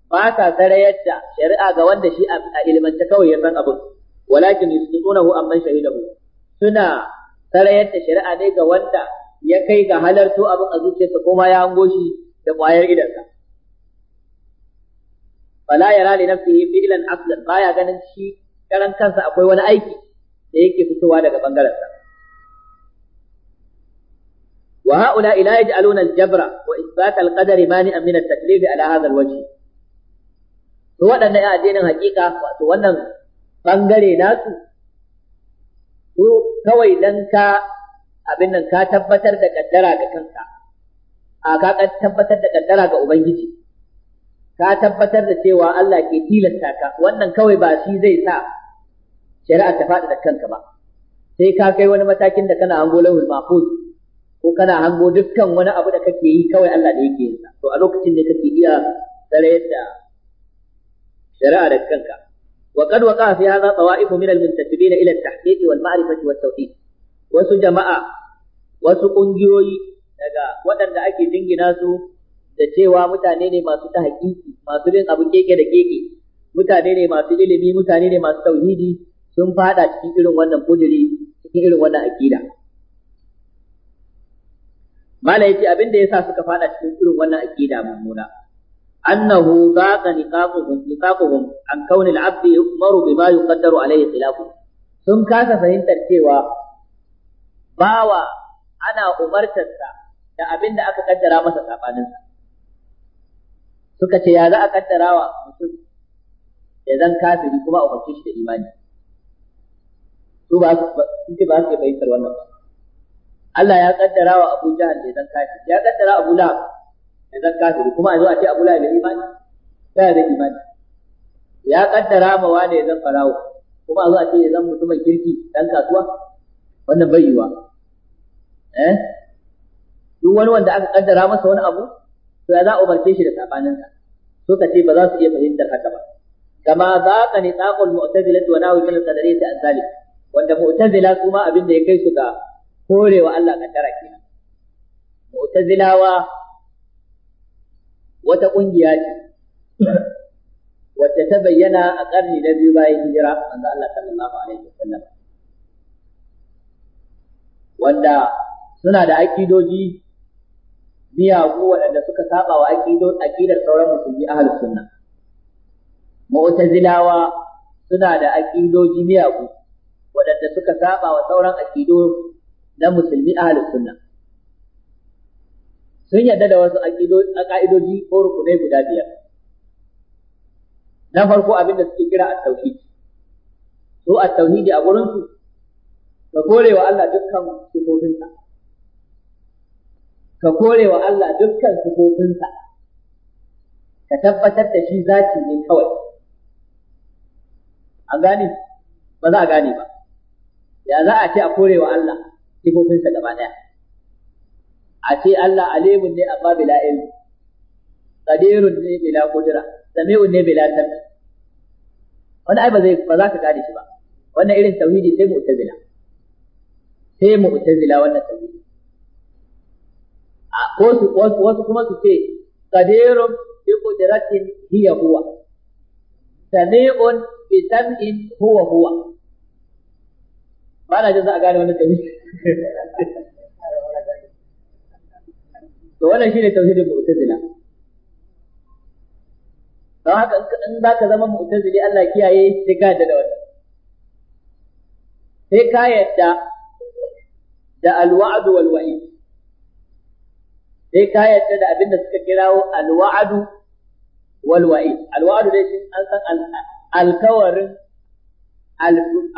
ba ta sarayar da shari'a ga wanda shi a ilmanta kawai ya san abu walakin yusdunahu amman shahidahu suna sarayar da shari'a ne ga wanda ya kai ga halarto abin a zuciyarsa ko ma ya hango shi da ƙwayar idansa fala yara li nafsihi fi'lan aslan baya ganin shi karan kansa akwai wani aiki da yake fitowa daga bangaren sa وهؤلاء لا يجعلون الجبر وإثبات القدر مانعا من التكليف على هذا الوجه هو أن ya حقيقة hakika wato wannan bangare nasu su kawai dan ka abin nan ka tabbatar da kaddara ga kanka ka tabbatar da cewa Allah ke tilasta ka wannan kawai ba shi zai sa shari'a ta faɗi da kanka ba sai ka kai wani matakin da kana hango lahul mahfuz ko kana hango dukkan wani abu da kake yi kawai Allah da yake yinsa to a lokacin ne kake iya tsare da shari'a da kanka wa qad waqa fi hadha tawa'ifu min al-muntasibina ila al tahqiq wal ma'rifati wat tawhid wasu jama'a wasu kungiyoyi daga waɗanda ake dingina su da cewa mutane ne masu tahqiqi masu bin abu keke da keke mutane ne masu ilimi mutane ne masu tauhidi sun fada cikin irin wannan kujiri cikin irin wannan akida mala yace abin da yasa suka fada cikin irin wannan aqida mummuna annahu zaqa niqaquhum niqaquhum an kauni al-abd yu'maru bima yuqaddaru alayhi khilafu sun kasa fahimtar cewa bawa ana sa da abin da aka kaddara masa sa suka ce ya za a kaddara wa mutum ya zan kafiri kuma a umarce shi da imani su ba su ba su bayyana wannan ba Allah ya kaddara wa Abu Jahal ne zan kafiri ya kaddara Abu Lahab ne zan kafiri kuma a zo a ce Abu Lahab ne imani ta da imani ya kaddara ma wane zan farawo kuma a zo a ce zan mutumin kirki dan kasuwa wannan bai yiwa eh duk wani wanda aka kaddara masa wani abu to ya za a umarce shi da sabaninsa so ka ce ba za su iya fahimtar haka ba kama za ka ni tsakon mu'tazila wa nahu min al ta azali wanda mu'tazila kuma abin da ya kai su ga korewa Allah kaddara ke mu'tazilawa wata kungiya ce wacce ta bayyana a karni na biyu bayan hijira manzo Allah sallallahu alaihi wasallam wanda suna da akidoji miyagu waɗanda suka saba wa akidar sauran musulmi ahlus sunna mu'tazilawa suna da akidoji miyagu waɗanda suka saba wa sauran akido na musulmi ahlus sunna sun yarda da wasu ƙa'idoji ko rukunai guda biyar na farko abin da suke kira at-tauhid su at-tauhidi a gurin ka kore wa Allah dukkan sifofinsa ka kore wa Allah dukkan sifofinsa ka tabbatar da shi zaki ne kawai a gane ba za a gane ba ya za a ce a kore wa Allah sifofinsa gaba ɗaya a ce Allah alimun ne amma bila ilmi tsadirun ne bila kudura, sami'un ne bila tabi wani ai ba zai ba za ka gane shi ba wannan irin tauhidi sai mu'tazila sai mu'tazila wannan tauhidi a wasu wasu wasu kuma su ce tsadirun bi kudiratin hiya huwa sami'un bi sam'in huwa huwa ba na jin za a gane wannan tauhidi to wannan shine tauhidin mu'tazila don haka in za ka zama mu'tazili Allah kiyaye sai ka yadda da wannan sai ka yadda da alwa'd wal wa'id sai ka yadda da abinda suka kirawo alwa'd wal wa'id alwa'd dai shi an san alkawarin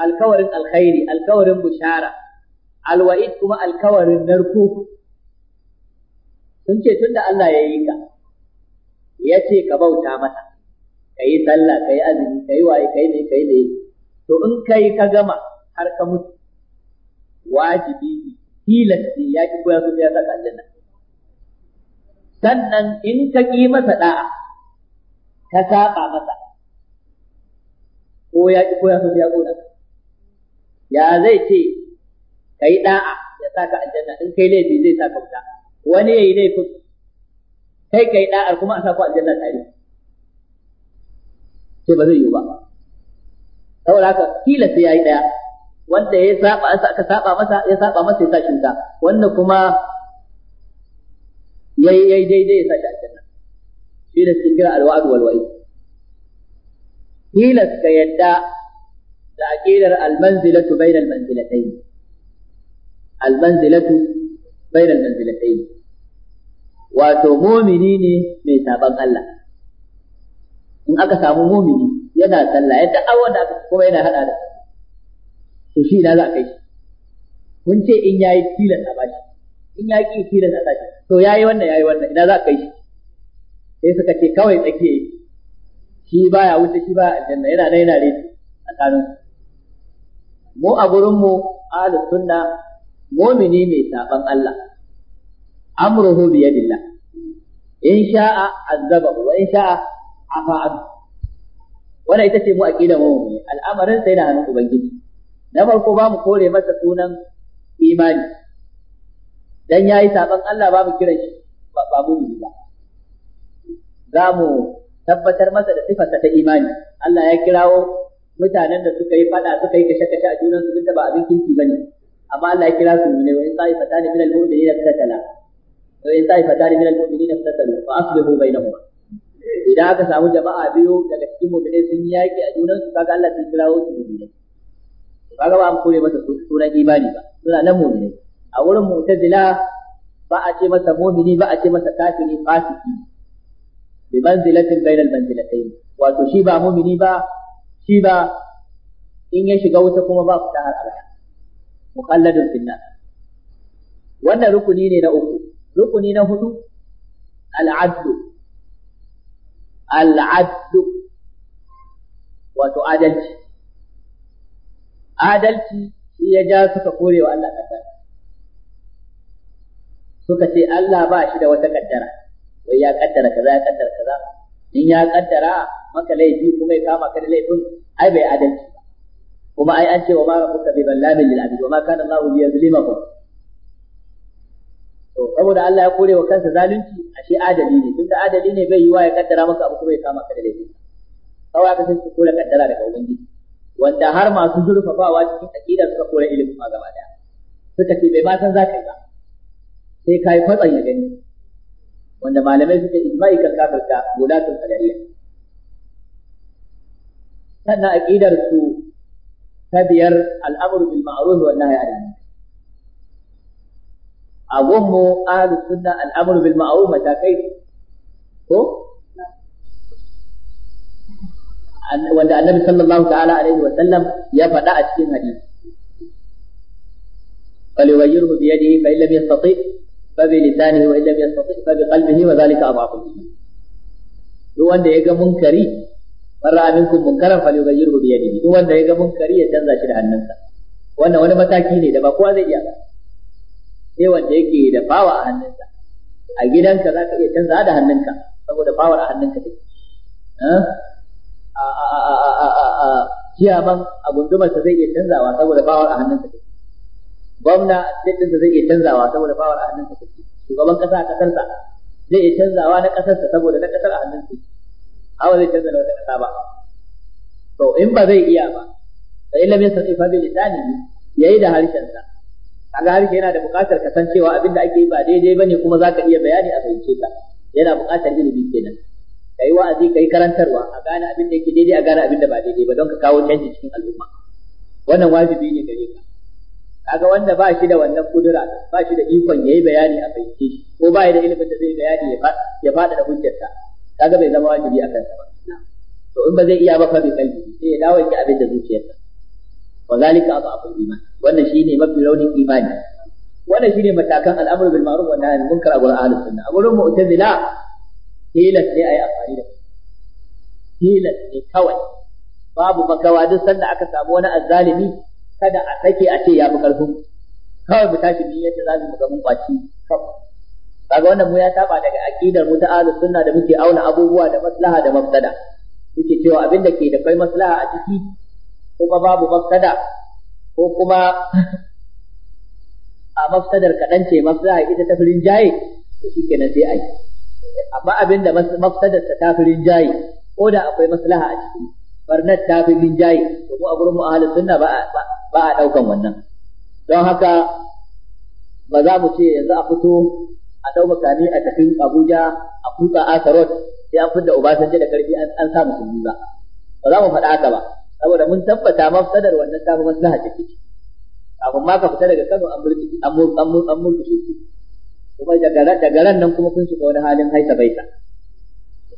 alkawarin alkhairi alkawarin bushara alwa'id kuma alkawarin narko sun ce tunda Allah ya yi ka ya ce ka bauta mata ka yi sallah ka yi azumi ka yi waye ka yi ne ka yi ne to in ka yi ka gama har ka mutu wajibi tilasti ya ki koya su ya saka aljanna sannan in ka ƙi masa da'a ka saba masa ko ya ki koya su ya ƙona? ya zai ce Ka yi ɗa'a ya sa saka aljanna in kai laifi zai sa kauta? wani ya yayi laifin kai ka yi da'ar kuma a sa saka aljanna tare sai ba zai yiwu ba saboda haka kila sai yi ɗaya, wanda ya saba aka saba masa ya saba masa ya sa shi wuta wanda kuma yayi yayi daidai ya sa shi aljanna shi da cikin alwa'd wal wa'i kila ka yadda da aqidar al manzilatu bayna al manzilatayn almanzilatu bainal manzilatayn wato mumini ne mai saban Allah in aka samu mumini yana sallah ya da'awa da aka kuma yana hada da to shi ina za a kai shi mun ce in yayi tilas a bashi in ya ki tilas a bashi to yayi wannan yayi wannan ina za a kai shi sai suka ce kawai tsakiye shi baya wuce shi ba, aljanna yana nan yana rede tsakanin mu a gurin mu ahlus sunna mumini mai saban Allah amruhu bi yadillah in sha'a azaba wa in sha'a afa an wannan ita ce mu aqida mu al'amarin sai na hannun ubangiji na farko ba mu kore masa sunan imani dan yayi saban Allah ba mu kira shi ba mu ba za mu tabbatar masa da sifarsa ta imani Allah ya kirawo mutanen da suka yi fada suka yi kashe-kashe a junan su duk da ba abin kirki bane amma Allah ya kira su ne wa in ta'ifatan min al-mu'minina fatatala wa in ta'ifatan min al-mu'minina fatatalu fa aslihu bainahuma idan aka samu jama'a biyu daga cikin mu'minai sun yi yaki a junan su kaga Allah sai kirawo su mu'minai kaga ba an kore masa sunan imani ba suna nan mu'minai a wurin mu'tazila ba a ce masa mu'mini ba a ce masa kafiri fasiki bi manzilatin bainal manzilatayn wato shi ba mu'mini ba shi ba in ya shiga wuta kuma ba fita har abada muqalladun finna wannan rukuni ne na uku rukuni na hudu al'adlu al'adlu wato adalci adalci shi ya ja suka korewa Allah kaddara suka ce Allah ba shi da wata kaddara wai ya kaddara kaza ya kaddara kaza in ya kaddara maka laifi kuma ya kama ka da laifin ai bai adalci kuma ai an ce wa mara rabbuka bi zallamin lil abid wa ma kana Allahu bi yuzlimakum to saboda Allah ya kore wa kansa zalunci ashe adali ne tunda adali ne bai yi wa ya kaddara maka abu kuma ya kama ka da laifi kawai aka san su kore kaddara daga ubangiji wanda har masu zurfafawa cikin aqida suka kore ilimin ma gaba daya suka ce bai ma san za yi ba sai ka yi ya gani wanda malamai suka ijma'i kan kafirta gudatun qadariyya sannan aqidar su ta biyar al'amru bil ma'ruf wa nahyi anil munkar abun mu ahlu sunna al'amru bil ma'ruf matakai ko wanda annabi sallallahu ta'ala alaihi wa sallam ya faɗa a cikin hadisi فليغيره بيده فإن لم يستطع فبلسانه وإن لم يستطع فبقلبه وذلك أضعف الإيمان duk wanda ya ga munkari man ra'a minkum munkaran falyughayyirhu bi yadihi duk wanda ya ga munkari ya canza shi da hannunsa wannan wani mataki ne da ba kowa zai iya ba sai wanda yake da fawa a hannunsa a gidanka za ka iya canza da hannunka saboda fawar a hannunka take a ciyaman a gundumarsa zai iya canzawa saboda fawar a hannunsa take gwamna cikinsa zai iya canzawa saboda fawar a hannunsa take shugaban ƙasa a ƙasarsa zai iya canzawa na ƙasarsa saboda na ƙasar a hannunsa take awa zai canza da wata kasa ba to in ba zai iya ba da illa lam sa'i fa bi lisanihi yayi da harshen sa kaga harshe yana da buƙatar kasancewa abinda ake yi ba daidai bane kuma zaka iya bayani a fahimce ka yana buƙatar ilimi kenan kai wa'azi kai karantarwa a gane abin da yake daidai a gane abin da ba daidai ba don ka kawo canji cikin al'umma wannan wajibi ne gare ka kaga wanda ba shi da wannan kudura ba shi da ikon yayi bayani a fahimce shi ko ba da ilimin da zai bayani ya faɗa da hujjarsa kaga bai zama wajibi a kansa ba to in ba zai iya ba fa bi kalbi sai ya dawo ki abin da zuciyarsa wa zalika adhafu iman wannan shine mafi raunin imani wannan shine matakan al'amru bil ma'ruf wa nahy anil munkar a gurin ahlus sunna a gurin mu'tazila tilas ne ayi amfani da tilas ne kawai babu makawa duk sanda aka samu wani azzalimi kada a sake a ce ya fi karfin kawai mu tashi niyyar da za mu ga mun kwaci kawai kaga wannan mu ya saba daga aqidar mu ta ahlus sunna da muke auna abubuwa da maslaha da mafsada muke cewa abin da ke da kai maslaha a ciki kuma babu mafsada ko kuma a mafsadar kaɗan ce maslaha ita ta firin jaye to shikenan sai ai amma abin da mafsadar ta firin jaye ko da akwai maslaha a ciki barnat ta firin jaye to mu a gurin mu ahlus sunna ba ba a daukan wannan don haka ba za mu ce yanzu a fito a dau makami a tafi Abuja a kutsa Asarot sai an fidda Obasanjo da karfi an sa musulmi ba ba za mu faɗa haka ba saboda mun tabbata mafsadar wannan tafi maslaha ta ciki kafin ma ka fita daga Kano an murtiki an an kuma daga ran nan kuma kun shiga wani halin haita baita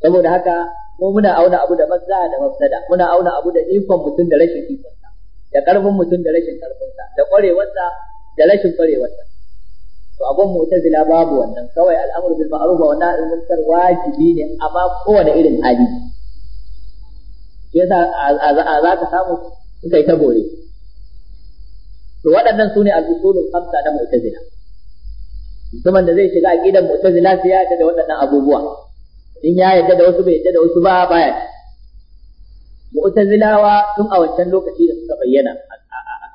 saboda haka ko muna auna abu da maslaha da mafsada muna auna abu da ikon mutum da rashin ikonsa da karfin mutum da rashin karfinsa da kwarewarsa da rashin kwarewarsa to abun mu'tazila babu wannan kawai al'amru bil ma'ruf wa nahyi munkar wajibi ne amma kowane irin hali yasa a za ka samu suka yi ta to waɗannan sune al-usulul khamsa da mu'tazila mutumin da zai shiga aqidan mu'tazila sai ya yadda da waɗannan abubuwa in ya yadda da wasu bai yadda da wasu ba baya mu'tazilawa tun a wancan lokaci da suka bayyana a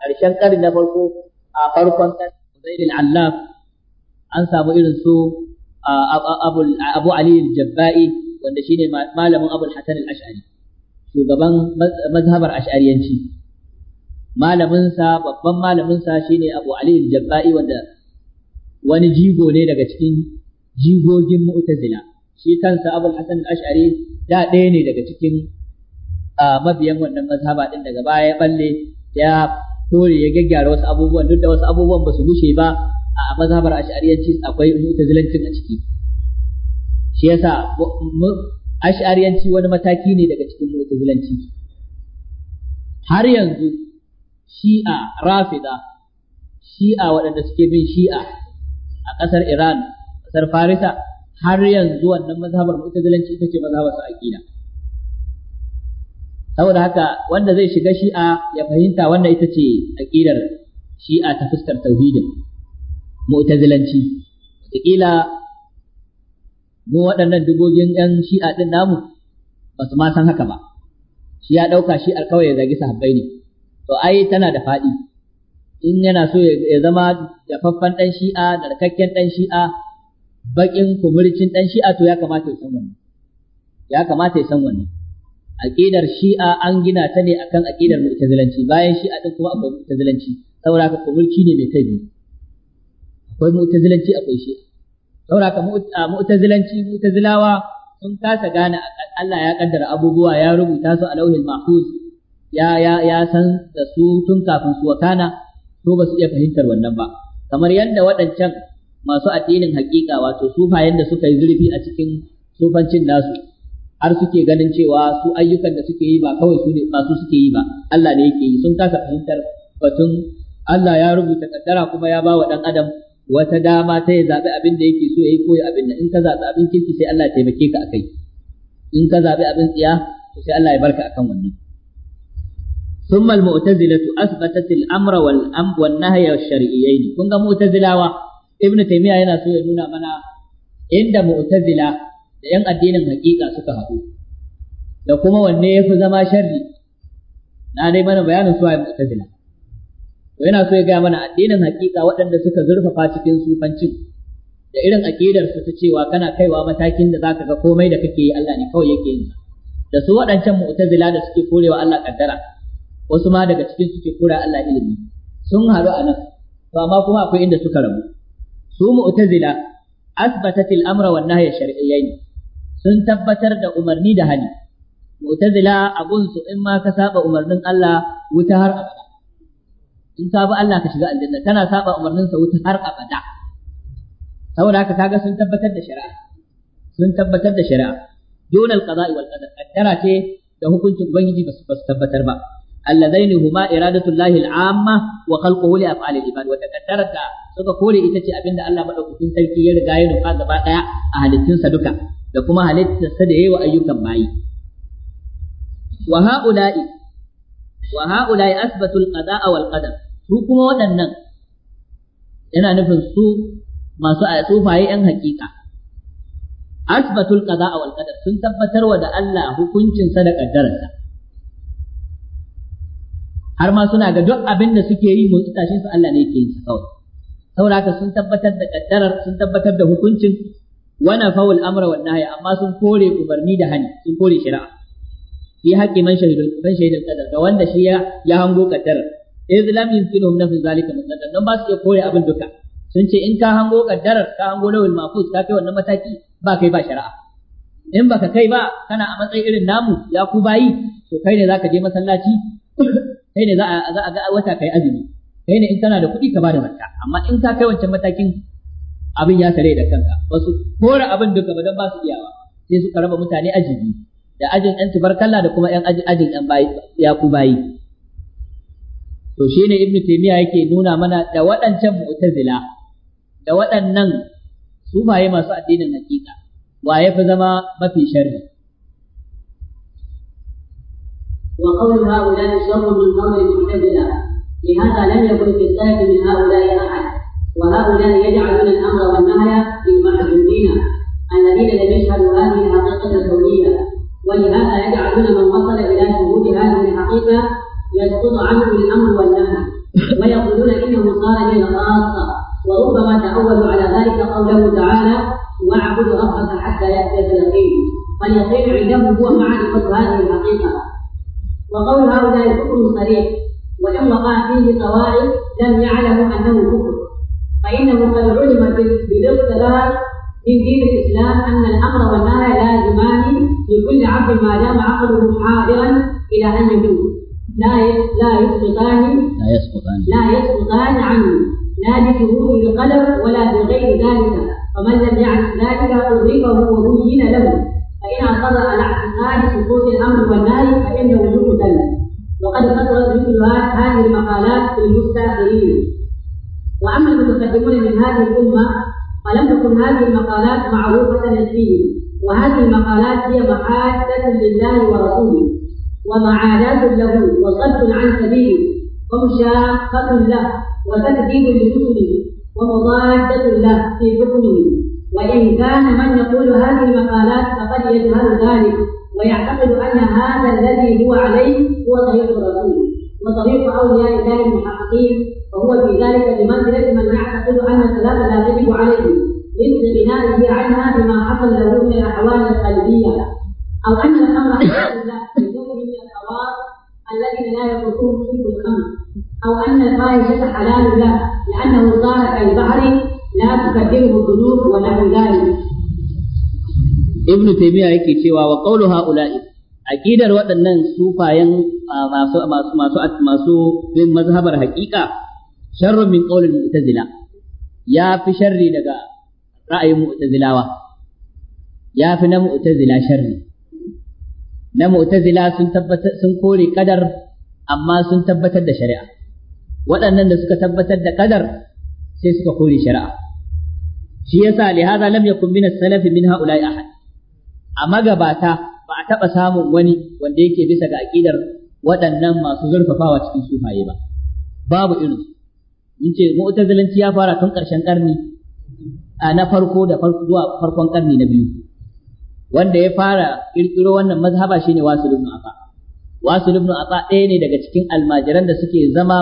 ƙarshen ƙarni na farko a farkon ƙarni zaidul allah an samu irin su abu ali jabba'i wanda shine malamin abul hasan al-ash'ari shugaban mazhabar ash'ariyanci sa babban malaminsa shine abu ali jabba'i wanda wani jigo ne daga cikin jigogin mu'tazila shi kansa abul hasan al-ash'ari da ɗaya ne daga cikin mabiyan wannan mazhaba din daga baya ya balle ya kore ya gyaggyara wasu abubuwan duk da wasu abubuwan ba su gushe ba a mazhabar ash'ariyanci akwai mutazilancin a ciki shi yasa ash'ariyanci wani mataki ne daga cikin mutazilanci har yanzu shi'a rafida shi'a waɗanda suke bin shi'a a ƙasar iran ƙasar farisa har yanzu wannan mazhabar mutazilanci ita ce mazhabar su aqida saboda haka wanda zai shiga shi'a ya fahimta wannan ita ce aqidar shi'a ta fuskar tauhidin mu'tazilanci kila mu waɗannan dubogin ɗan shi'a ɗin namu ba su ma san haka ba shi ya ɗauka shi alkawai ya zagi sahabbai ne to ai tana da faɗi in yana so ya zama dafaffen ɗan shi'a narkakken ɗan shi'a baƙin kumurcin ɗan shi'a to ya kamata ya san wannan ya kamata ya san wannan aqidar shi'a an gina ta ne akan aqidar mu'tazilanci bayan shi'a din kuma akwai mu'tazilanci saboda haka kumurci ne mai kai biyu akwai mu'tazilanci akwai shi saboda ka mu'tazilanci mu'tazilawa sun kasa gane Allah ya kaddara abubuwa ya rubuta su a lauhin mahfuz ya ya ya san da su tun kafin su wakana to ba su iya fahimtar wannan ba kamar yadda waɗancan masu addinin hakika wato sufayen da suka yi zurfi a cikin sufancin nasu har suke ganin cewa su ayyukan da suke yi ba kawai su ne ba su suke yi ba Allah ne yake yi sun kasa fahimtar batun Allah ya rubuta kaddara kuma ya ba wa dan adam wata dama ta ya zaɓi abin da yake so ya yi koyi abin da in ka zaɓi abin kirki sai Allah ya taimake ka akai in ka zaɓi abin tsiya to sai Allah ya barka akan wannan ثم المعتزلة أثبتت الأمر والنهي الشرعيين كنا معتزلة ابن تيمية هنا سوى نونا منا عند معتزلة لأن الدين الحقيقة سكهه لكما ونيه فزما شري نعني منا بيان سوى معتزلة to yana so ya gaya mana addinin hakika waɗanda suka zurfafa cikin sufancin da irin aƙidar su ta cewa kana kaiwa matakin da zaka ga komai da kake yi Allah ne kawai yake yin da su waɗancan mu'tazila da suke korewa Allah kaddara wasu ma daga cikin suke kora Allah ilimi sun haɗu a nan to amma kuma akwai inda suka rabu su mu'tazila asbatat al-amra wan nahya shar'iyyain sun tabbatar da umarni da hali mu'tazila abun su in ma ka saba umarnin Allah wuta har abada in ka bi Allah ka shiga aljanna kana saba umarnin sa wuta har abada saboda haka kaga sun tabbatar da shari'a sun tabbatar da shari'a dun alqada'i wal qadar kaddara ce da hukuncin ubangiji ba su tabbatar ba alladaini huma iradatu llahi al'amma wa khalquhu li af'ali al-ibad wa takaddarata suka kore ita ce abinda Allah madaukakin sarki ya riga ya nufa gaba daya a halittunsa duka da kuma halittarsa da yayi wa ayyukan bayi wa ha'ula'i wa ha'ula'i asbatu al-qada'a wal qadar su kuma waɗannan yana nufin su masu a tsufaye ‘yan hakika asbatul qada wal qadar sun tabbatar wa da Allah hukuncin sa da kaddararsa har ma suna ga duk abin da suke yi motsi tashin su Allah ne yake yin sa kawai saboda haka sun tabbatar da kaddarar sun tabbatar da hukuncin wana faul amra wan nahya amma sun kore umarni da hani sun kore shari'a fi haƙƙi man shahidul man qadar ga wanda shi ya hango kaddar iz lam yumkinuhum nafi zalika mutlaqan dan ba su iya kore abin duka sun ce in ka hango kaddarar ka hango lawil mahfuz ka kai wannan mataki ba kai ba shari'a in baka kai ba kana a matsayin irin namu ya ku bayi to kai ne zaka je masallaci kai za a ga wata kai azumi kai in kana da kuɗi ka bada zakka amma in ka kai wancan matakin abin ya da kanka ba su kore abin duka ba ba su iyawa sai suka raba mutane ajibi da ajin yan tubarkalla da kuma ɗan ajin ɗan bayi ya ku bayi to shine ibnu taymiya yake nuna mana da waɗancan mu'tazila da waɗannan su ba maye masu addinin hakika wa ya fi zama mafi sharri wa qawlu ha'ula'i sharrun min qawli mu'tazila li lam yakun fi min haula ya لهذا لم يكن في السلف من هؤلاء أحد وهؤلاء يجعلون الأمر والنهي للمحجوبين الذين لم يشهدوا هذه الحقيقة الكونية ولهذا يجعلون من وصل إلى شهود هذه الحقيقة يسقط عنه الامر والنهي ويقولون انه صار لي الخاصه وربما تعودوا على ذلك قوله تعالى واعبدوا ربك حتى ياتيك اليقين فاليقين عندهم هو معرفه هذه الحقيقه وقول هؤلاء الكفر صريح وان وقع فيه قواعد لم يعلموا انه كفر فانه قد علم بالاقتباس من دين الاسلام ان الامر والنهي لازمان لكل عبد ما دام عقله حاضرا الى ان يموت لا لا يسقطان لا يسقطان لا يسقطان عنه لا بشهور القلم ولا بغير ذلك فمن لم يعرف ذلك عرفه وبين له فإن اعترض على اعتقاد سقوط الأمر والنهي فإنه يقتل وقد كثرت مثل هذه المقالات في المستأخرين وأما المتقدمون من هذه الأمة فلم تكن هذه المقالات معروفة لديهم وهذه المقالات هي محاكاه لله ورسوله ومعاناة له وصد عن سبيله ومشاقة له وتكذيب لرسله ومضادة له في حكمه وإن كان من يقول هذه المقالات فقد يجهل ذلك ويعتقد أن هذا الذي هو عليه هو طريق الرسول وطريق أولياء الله المحققين فهو في ذلك بمنزلة من يعتقد أن السلام لا تجب عليه مثل بنائه عنها بما حصل له من الأحوال القلبية أو أن الفاحشة حلال له لأنه قال كالبحر لا تكفره الذنوب ونحو ذلك ابن تيمية yake cewa wa qawlu ha'ula'i aqidar waɗannan sufayen masu masu masu masu bin mazhabar haƙiƙa sharrun min qawlil mu'tazila ya fi sharri daga ra'ayin mu'tazilawa ya fi na mu'tazila sharri na mu'tazila sun tabbatar sun kore kadar amma sun tabbatar da shari'a waɗannan da suka tabbatar da kadar sai suka kore shari'a shi yasa lihaza lam yakun min as-salaf min ha'ula'i ahad a magabata ba a taɓa samun wani wanda yake bisa ga aƙidar waɗannan masu zurfafawa cikin sufaye ba babu irin mun ce mu'tazilanci ya fara tun ƙarshen ƙarni na farko da farko zuwa farkon ƙarni na biyu wanda ya fara ƙirƙiro wannan mazhaba shine wasu ibn Atha wasu ibn Atha ɗaya ne daga cikin almajiran da suke zama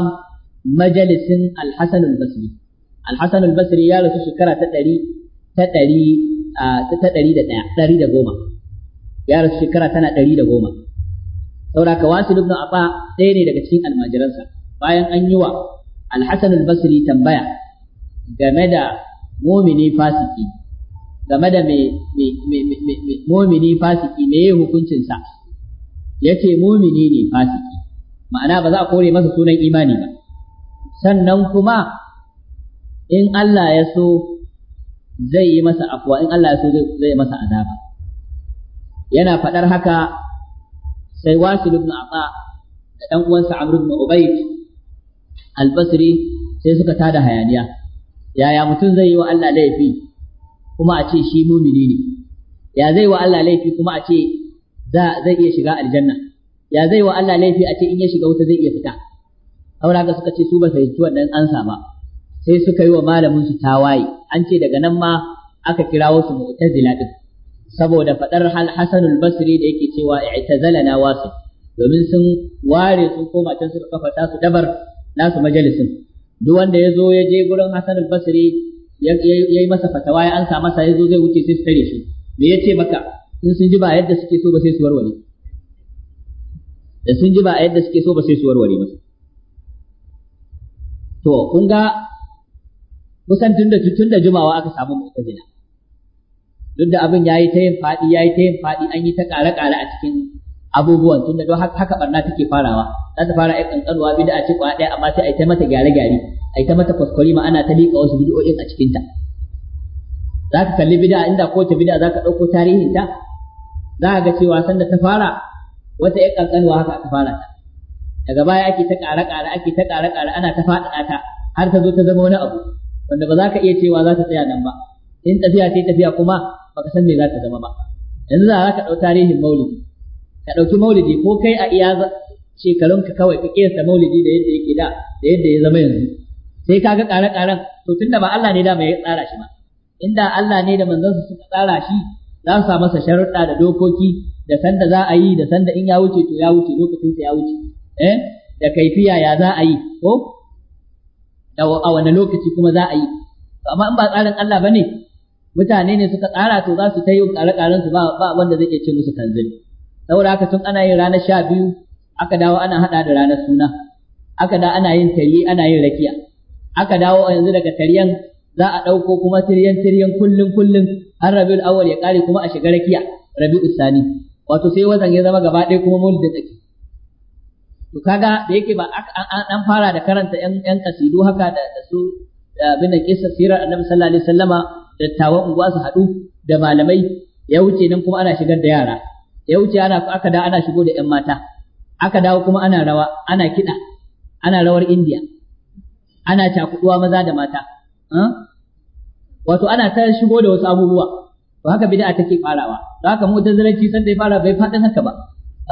majalisin al-Hasan al-Basri al-Hasan al-Basri ya rasu shekara ta ɗari ta ɗari da ɗaya ɗari da goma ya rasu shekara tana ɗari da goma saboda ka wasu ibn Abba ɗaya ne daga cikin almajiransa bayan an yi wa al-Hasan al-Basri tambaya game da mumini fasiki game da mumini fasiki me ya hukuncinsa ya ce mumini ne fasiki ma'ana ba za a kore masa sunan imani ba sannan kuma in Allah ya so zai yi masa afuwa in Allah ya so zai masa azaba yana faɗar haka sai wasil ibn Atha da dan uwansa Amr ibn Ubayd al-Basri sai suka tada hayaniya yaya mutum zai yi wa Allah laifi kuma a ce shi mumini ne ya zai wa Allah laifi kuma a ce zai iya shiga aljanna ya zai wa Allah laifi a ce in ya shiga wuta zai iya fita saboda ga suka ce su ba fahimci wannan ansa ba sai suka yi wa malamin su tawaye an ce daga nan ma aka kirawo su mu'tazila din saboda fadar hal Hasan al-Basri da yake cewa i'tazalana wasu, domin sun ware sun koma can suka kafa ta su dabar nasu majalisin duk wanda ya zo ya je gurin Hasan al-Basri ya yi masa fatawa ya ansa masa ya zo zai wuce sai su tare shi me ya ce maka in sun ji ba yadda suke so ba sai su warware da sun ji ba yadda suke so ba sai su warware masa to kun ga kusan tun da tun da jumawa aka samu mu'tazila duk da abin yayi ta yin fadi yayi ta yin fadi an yi ta ƙara ƙara a cikin abubuwan tun da don haka barna take farawa za ta fara aikin kanwa da ce kwa ɗaya amma sai a yi ta mata gyare gyare a yi ta mata kuskure ma ana ta liƙa wasu bidiyoyin a cikin ta za ka kalli bid'a inda ko ta bid'a za ka ɗauko tarihin ta za ka ga cewa sanda ta fara wata ƴan ƙanƙanuwa haka aka fara ta daga baya ake ta ƙara ƙara ake ta ƙara ƙara ana ta faɗaɗa ta har ta zo ta zama wani abu wanda ba za ka iya cewa za ta tsaya nan ba in tafiya ta tafiya kuma ba ka san me za ta zama ba yanzu za ka ɗau tarihin maulidi ka ɗauki maulidi ko kai a iya shekarunka kawai ka kiyasta maulidi da yadda yake da da yadda ya zama yanzu sai ka ga ƙare-ƙaren to tunda ba Allah ne da mai tsara shi ba inda Allah ne da manzansa suka tsara shi za su sa sharuɗa da dokoki da sanda za a yi da sanda in ya wuce to ya wuce lokacin sa ya wuce eh da kaifiya ya za a yi ko da a wani lokaci kuma za a yi amma in ba tsarin Allah bane mutane ne suka tsara to za su ta yi tsare-tsaren su ba wanda zai iya ce musu kanzil saboda haka tun ana yin ranar sha biyu aka dawo ana hada da ranar suna aka da ana yin tari ana yin rakiya aka dawo a yanzu daga taryan za a ɗauko kuma tiryan tiryan kullum kullum har rabiul awwal ya kare kuma a shiga rakiya rabiul sani wato sai wazan ya zama gaba ɗaya kuma mulki da tsaki to kaga da yake ba an fara da karanta yan yan kasidu haka da su abin da kissa sirar annabi sallallahu alaihi wasallama dattawan unguwa su haɗu da malamai ya wuce nan kuma ana shigar da yara ya wuce ana aka da ana shigo da yan mata aka dawo kuma ana rawa ana kiɗa ana rawar indiya ana cakuɗuwa maza da mata wato ana ta shigo da wasu abubuwa to haka bid'a take farawa don haka mu tazaranci san dai fara bai fadin haka ba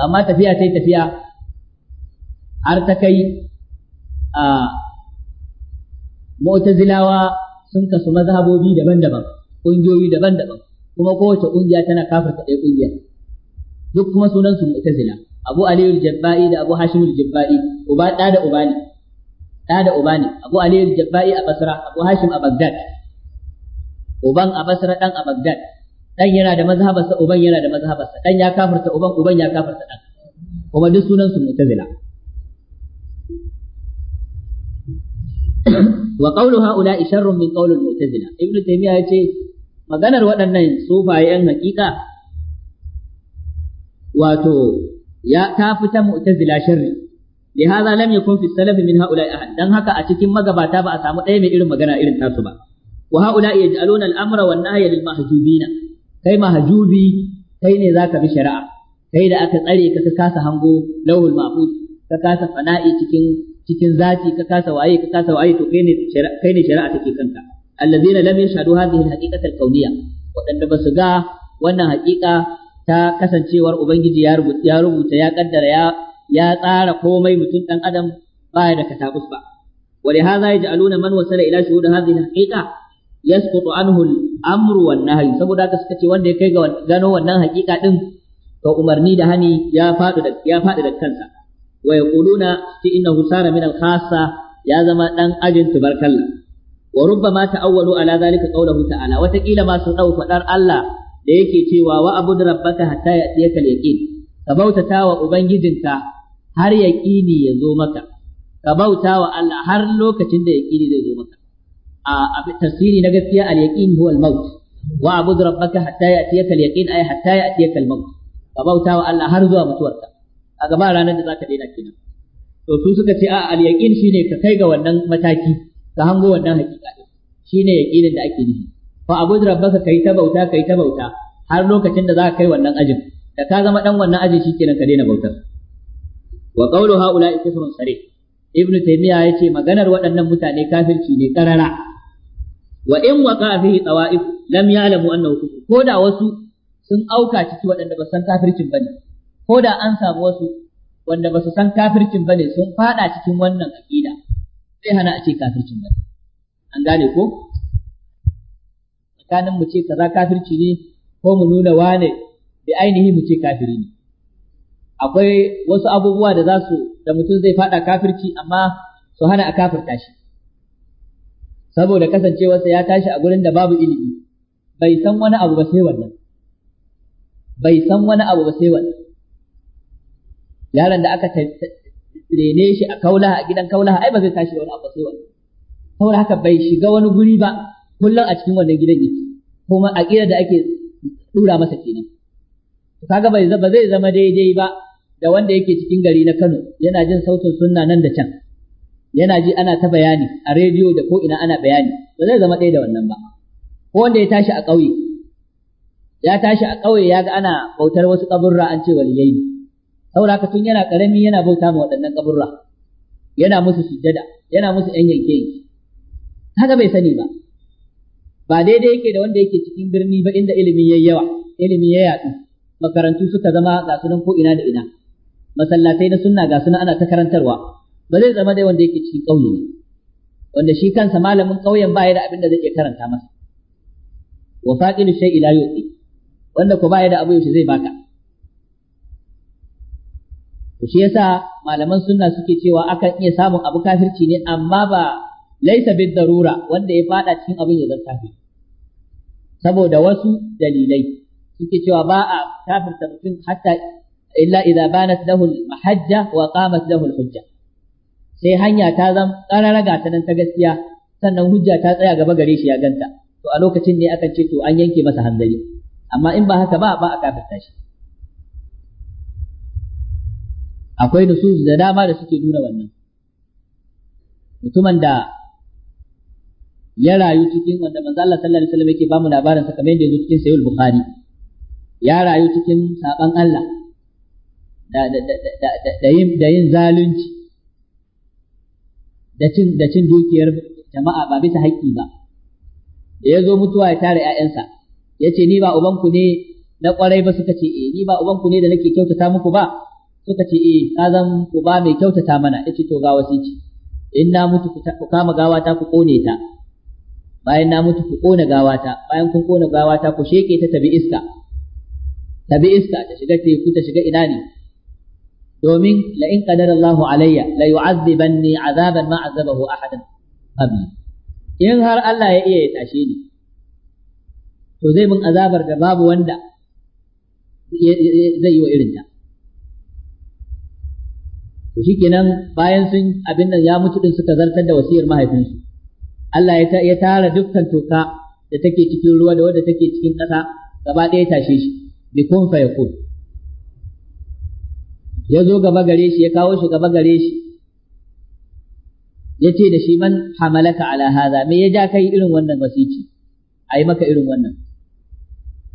amma tafiya sai tafiya har ta kai a mu'tazilawa sun kasu mazhabobi daban-daban ƙungiyoyi daban-daban kuma kowace ƙungiya tana kafarta ɗaya ƙungiya duk kuma sunan su mu'tazila Abu Aliyu Jabba'i da Abu Hashim Jabba'i uba da da uba ne da da uba ne Abu Aliyu Jabba'i a Basra Abu Hashim a Bagdad, uban a Basra dan a Bagdad, dan yana da mazhabarsa uban yana da mazhabarsa dan ya kafarta uban uban ya kafarta dan kuma duk sunan su mu'tazila wa qawlu haula sharrun min qawlil mu'tazila ibnu taymiya yace maganar waɗannan sufaye yan hakika wato ya ta fita mu'tazila sharri لهذا لم يكن في السلف من هؤلاء أحد دان هكا أتكين مغباتا با أسامو أي من إلم مغانا إلم تاسو با وهؤلاء يجعلون الأمر والنهي للمحجوبين كي محجوبي كي نذاك بشرع كي لأك تأري كتكاس هنغو لوه المعبود كتكاس فنائي تكين cikin zati ka kasa waye ka kasa waye to kai ne kai ne shari'a take kanka allazina lam yashhadu hadhihi alhaqiqata alkawniyya wadanda basu ga wannan haƙiƙa ta kasancewar ubangiji ya rubuta ya rubuta ya kaddara ya ya tsara komai mutum dan adam baya da katabus ba ولهذا يجعلون من وصل الى شهود هذه الحقيقه يسقط عنه الامر والنهي saboda haka suka ce wanda ya kai ga gano wannan haƙiƙa din to umarni da hani ya faɗi da ya faɗi da kansa wa yaquluna fi innahu sara min al ya zama ɗan ajin tubarkalla wa rubbama ta'awwalu ala zalika qawluhu ta'ala wa taqila ma sun dau Allah da yake cewa wa abud rabbaka hatta ya'tiyaka al-yaqin ka bautata wa ubangijinka har yaqini ya zo maka ka wa Allah har lokacin da yaqini zai zo maka a tafsiri na gaskiya al-yaqin huwa wa Allah har zuwa mutuwarka a gama ranar da za ka daina kenan to su suka ce a al yaqin shine ka kai ga wannan mataki ka hango wannan hakika din shine yaqinin da ake nufi fa abud rabbaka kai ta bauta kai ta bauta har lokacin da za ka kai wannan ajin da ka zama dan wannan ajin shikenan ka daina bautar wa qawlu haula'i sare. Ibn ibnu taymiya yace maganar waɗannan mutane kafirci ne karara wa in waqa fihi tawa'if lam ya'lamu annahu kufr ko da wasu sun auka ciki waɗanda ba san kafircin bane ko da an samu wasu wanda ba su san kafircin ba ne sun fada cikin wannan aƙida zai hana a ce kafircin ba an gane ko tsakanin mu ce kaza kafirci ne ko mu nuna wane bi ainihi mu ce kafiri ne akwai wasu abubuwa da za su da mutum zai fada kafirci amma su hana a kafirta shi saboda kasancewarsa ya tashi a gurin da babu ilimi bai san wani abu ba sai wannan bai san wani abu ba sai wannan yaron da aka rene shi a kaulaha a gidan kaulaha ai ba zai tashi da wani abu sai wani saboda haka bai shiga wani guri ba kullum a cikin wannan gidan yake kuma a kira da ake dura masa kenan kaga bai ba zai zama daidai ba da wanda yake cikin gari na Kano yana jin sautin sunna nan da can yana ji ana ta bayani a rediyo da ko ina ana bayani ba zai zama ɗaya da wannan ba ko wanda ya tashi a ƙauye ya tashi a ƙauye ya ga ana bautar wasu kaburra an ce waliyai saboda haka tun yana karami yana bauta ma waɗannan kaburra yana musu sujjada yana musu yan yanke yanke haka bai sani ba ba daidai yake da wanda yake cikin birni ba inda ilimi ya yawa ilimi ya yaɗu makarantu suka zama ga sunan ko ina da ina masallatai na sunna ga sunan ana ta karantarwa ba zai zama dai wanda yake cikin ƙauye ne wanda shi kansa malamin ƙauyen ba ya da abin da zai iya karanta masa wa faqilu shay'i la yu'ti wanda ko ba ya da abu yaushe zai baka shi yasa malaman sunna suke cewa akan iya samun abu kafirci ne amma ba laisa bid darura wanda ya fada cikin abin ya zanta kafir saboda wasu dalilai suke cewa ba a kafirta mutum hatta illa idza banat lahu mahajja wa qamat lahu hujja sai hanya ta zam raga ta nan ta gaskiya sannan hujja ta tsaya gaba gare shi ya ganta to a lokacin ne akan ce to an yanke masa hanzari amma in ba haka ba ba a kafirta shi akwai su da dama da suke nuna wannan mutumin da ya rayu cikin wanda manzo Allah sallallahu alaihi wasallam yake bamu labarin sa kamar yadda yake cikin sahih bukhari ya rayu cikin saban Allah da da da da yin da yin zalunci da cin da cin dukiyar jama'a ba bisa haƙƙi ba da ya zo mutuwa ya tare ƴaƴansa ya ce ni ba ubanku ne na ƙwarai ba suka ce eh ni ba ubanku ne da nake kyautata muku ba suka ce eh ka zan uba mai kyautata mana yace to ga wasici in na mutu ku kama gawata ku kone ta bayan na mutu ku kona gawata bayan kun kona gawata ku sheke ta tabi iska tabi iska ta shiga teku ta shiga ina ne domin la in qadara Allahu alayya la yu'adhibanni 'azaban ma 'azabahu ahadan qabli in har Allah ya iya ya tashe ni to zai mun azabar da babu wanda zai yi wa irin ta to shikenan bayan sun abin nan ya mutu din suka zartar da wasiyar mahaifinsu Allah ya ya tara dukkan toka da take cikin ruwa da wadda take cikin ƙasa gaba ɗaya tashe shi bi kun fa yaqul ya zo gaba gare shi ya kawo shi gaba gare shi ya ce da shi man hamalaka ala hadha me ya ja kai irin wannan wasici a yi maka irin wannan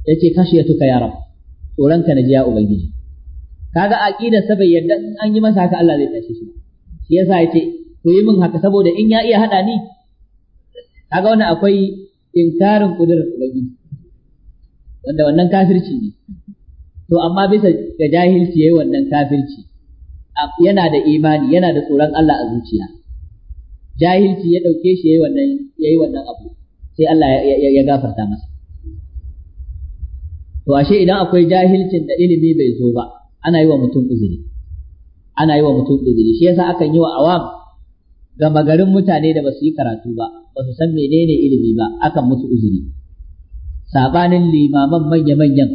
ya ce kashi ya tuka rab tsoronka na ji ya ubangiji kaga aqidar sa bai yadda in an yi masa haka Allah zai tashi shi shi yasa yace ku yi min haka saboda in ya iya hada ni kaga wannan akwai inkarin kudurar ubangi wanda wannan kafirci ne to amma bisa ga jahilci yayi wannan kafirci yana da imani yana da tsoron Allah a zuciya jahilci ya dauke shi yayi wannan yayi wannan abu sai Allah ya gafarta masa to ashe idan akwai jahilcin da ilimi bai zo ba ana yi wa mutum uzuri ana yi wa mutum uzuri shi yasa akan yi wa awam gama garin mutane da basu yi karatu ba ba su san menene ilimi ba akan musu uzuri sabanin limaman manya-manyan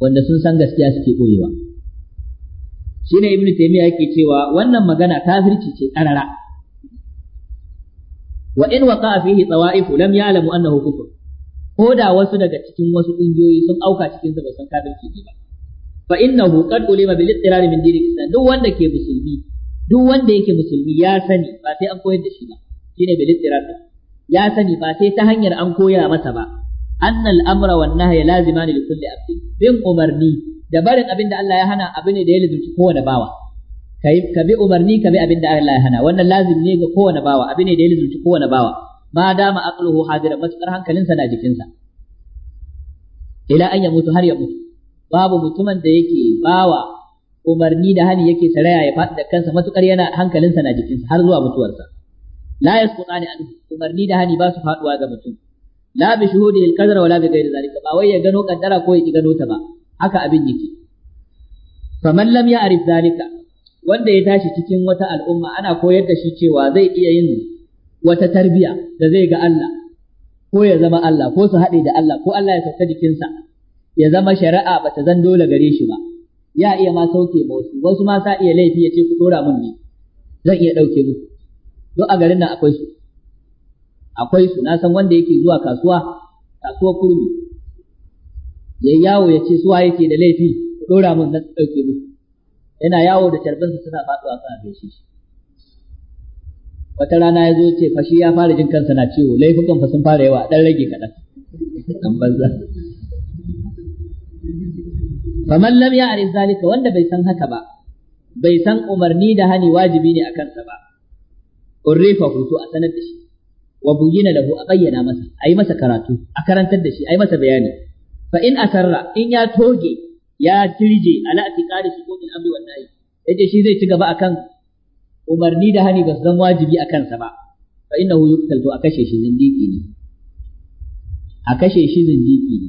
wanda sun san gaskiya suke koyewa ne ibnu taymiya yake cewa wannan magana kafirci ce karara wa in waqa fihi tawaifu lam ya'lamu annahu kufur. ko da wasu daga cikin wasu kungiyoyi sun auka cikin ba san kafirci ne ba fa innahu qad ulima bil istirari min dinil islam duk wanda ke musulmi duk wanda yake musulmi ya sani ba sai an koyar da shi ba shine bil istirari ya sani ba sai ta hanyar an koya masa ba annal amra wan nahya lazimani li kulli abdin bin umarni da barin abin da Allah ya hana abu ne da ya lazimci kowane bawa ka bi umarni ka bi abin da Allah ya hana wannan lazim ne ga kowane bawa abu ne da ya lazimci kowane bawa ma dama aqluhu hadira matukar hankalinsa na jikinsa ila an ya mutu har ya mutu babu mutumin da yake bawa umarni da hani yake saraya ya faɗi da kansa matukar yana hankalinsa na jikinsa har zuwa mutuwarsa la yasqutani an umarni da hani ba su faduwa ga mutum la bi shuhudi al qadara wala bi ghairi zalika ba wai ya gano kaddara ko ya ki gano ta ba haka abin yake faman lam ya'rif zalika wanda ya tashi cikin wata al'umma ana koyar da shi cewa zai iya yin wata tarbiya da zai ga Allah ko ya zama Allah ko su haɗe da Allah ko Allah ya sauka jikinsa ya zama shari'a ba ta zan dole gare shi ba ya iya ma sauke ba wasu wasu ma sa iya laifi ya ce ku dora min ne zan iya ɗauke muku duk a garin nan akwai su akwai su na san wanda yake zuwa kasuwa kasuwa kurmi ya yawo ya ce suwa yake da laifi ku dora min na ɗauke muku yana yawo da tarbansa suna faɗuwa suna gaishe shi wata rana ya zo ce fashi ya fara jin kansa na ciwo laifukan fa sun fara yawa ɗan rage kaɗan kan banza faman lam ya'rif zalika wanda bai san haka ba bai san umarni da hani wajibi ne akan sa ba urrifa hutu a sanar da shi wa buyina lahu a bayyana masa a yi masa karatu a karantar da shi a yi masa bayani fa in asarra in ya toge ya kirje ala atiqadi shuquqil amri wan nahi yace shi zai ci gaba akan umarni da hani ba zan wajibi akan sa ba fa innahu yuktal to a kashe shi zindiki ne a kashe shi zindiki ne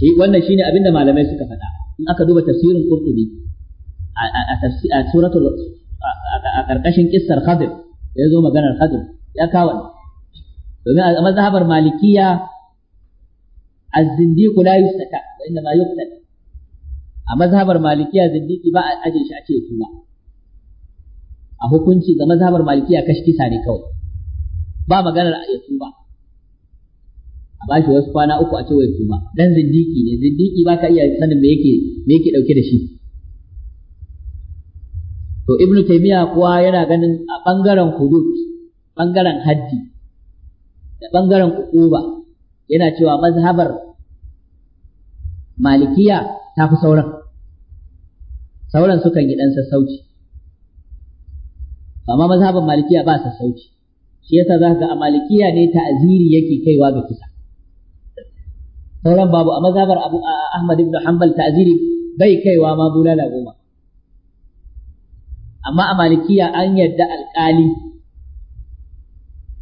shi eh, wannan shine abin da malamai suka faɗa in aka duba tafsirin qurtubi a a suratul a karkashin kissar khadir ya zo maganar khadir ya kawo domin a mazhabar malikiya az-zindiq la yustata wa inna ma yuqtal a mazhabar malikiya zindiki ba a aje shi a ce tuba a hukunci ga mazhabar malikiya kashi kisa ne kawai ba maganar ya tuba a ba shi wasu kwana uku a ce wai kuma dan zindiki ne zindiki ba ka iya sanin me yake me yake dauke da shi to ibnu taymiya kuwa yana ganin a bangaren hudud bangaren haddi da bangaren ukuba yana cewa mazhabar malikiya ta fi sauran sauran sukan yi dan sassauci amma mazhabar malikiya ba sassauci shi yasa za ga a malikiya ne ta'aziri yake kaiwa ga kisa sauran babu a mazhabar Abu Ahmad ibn Hanbal ta'ziri bai kaiwa ma bulala goma amma a malikiya an yadda alƙali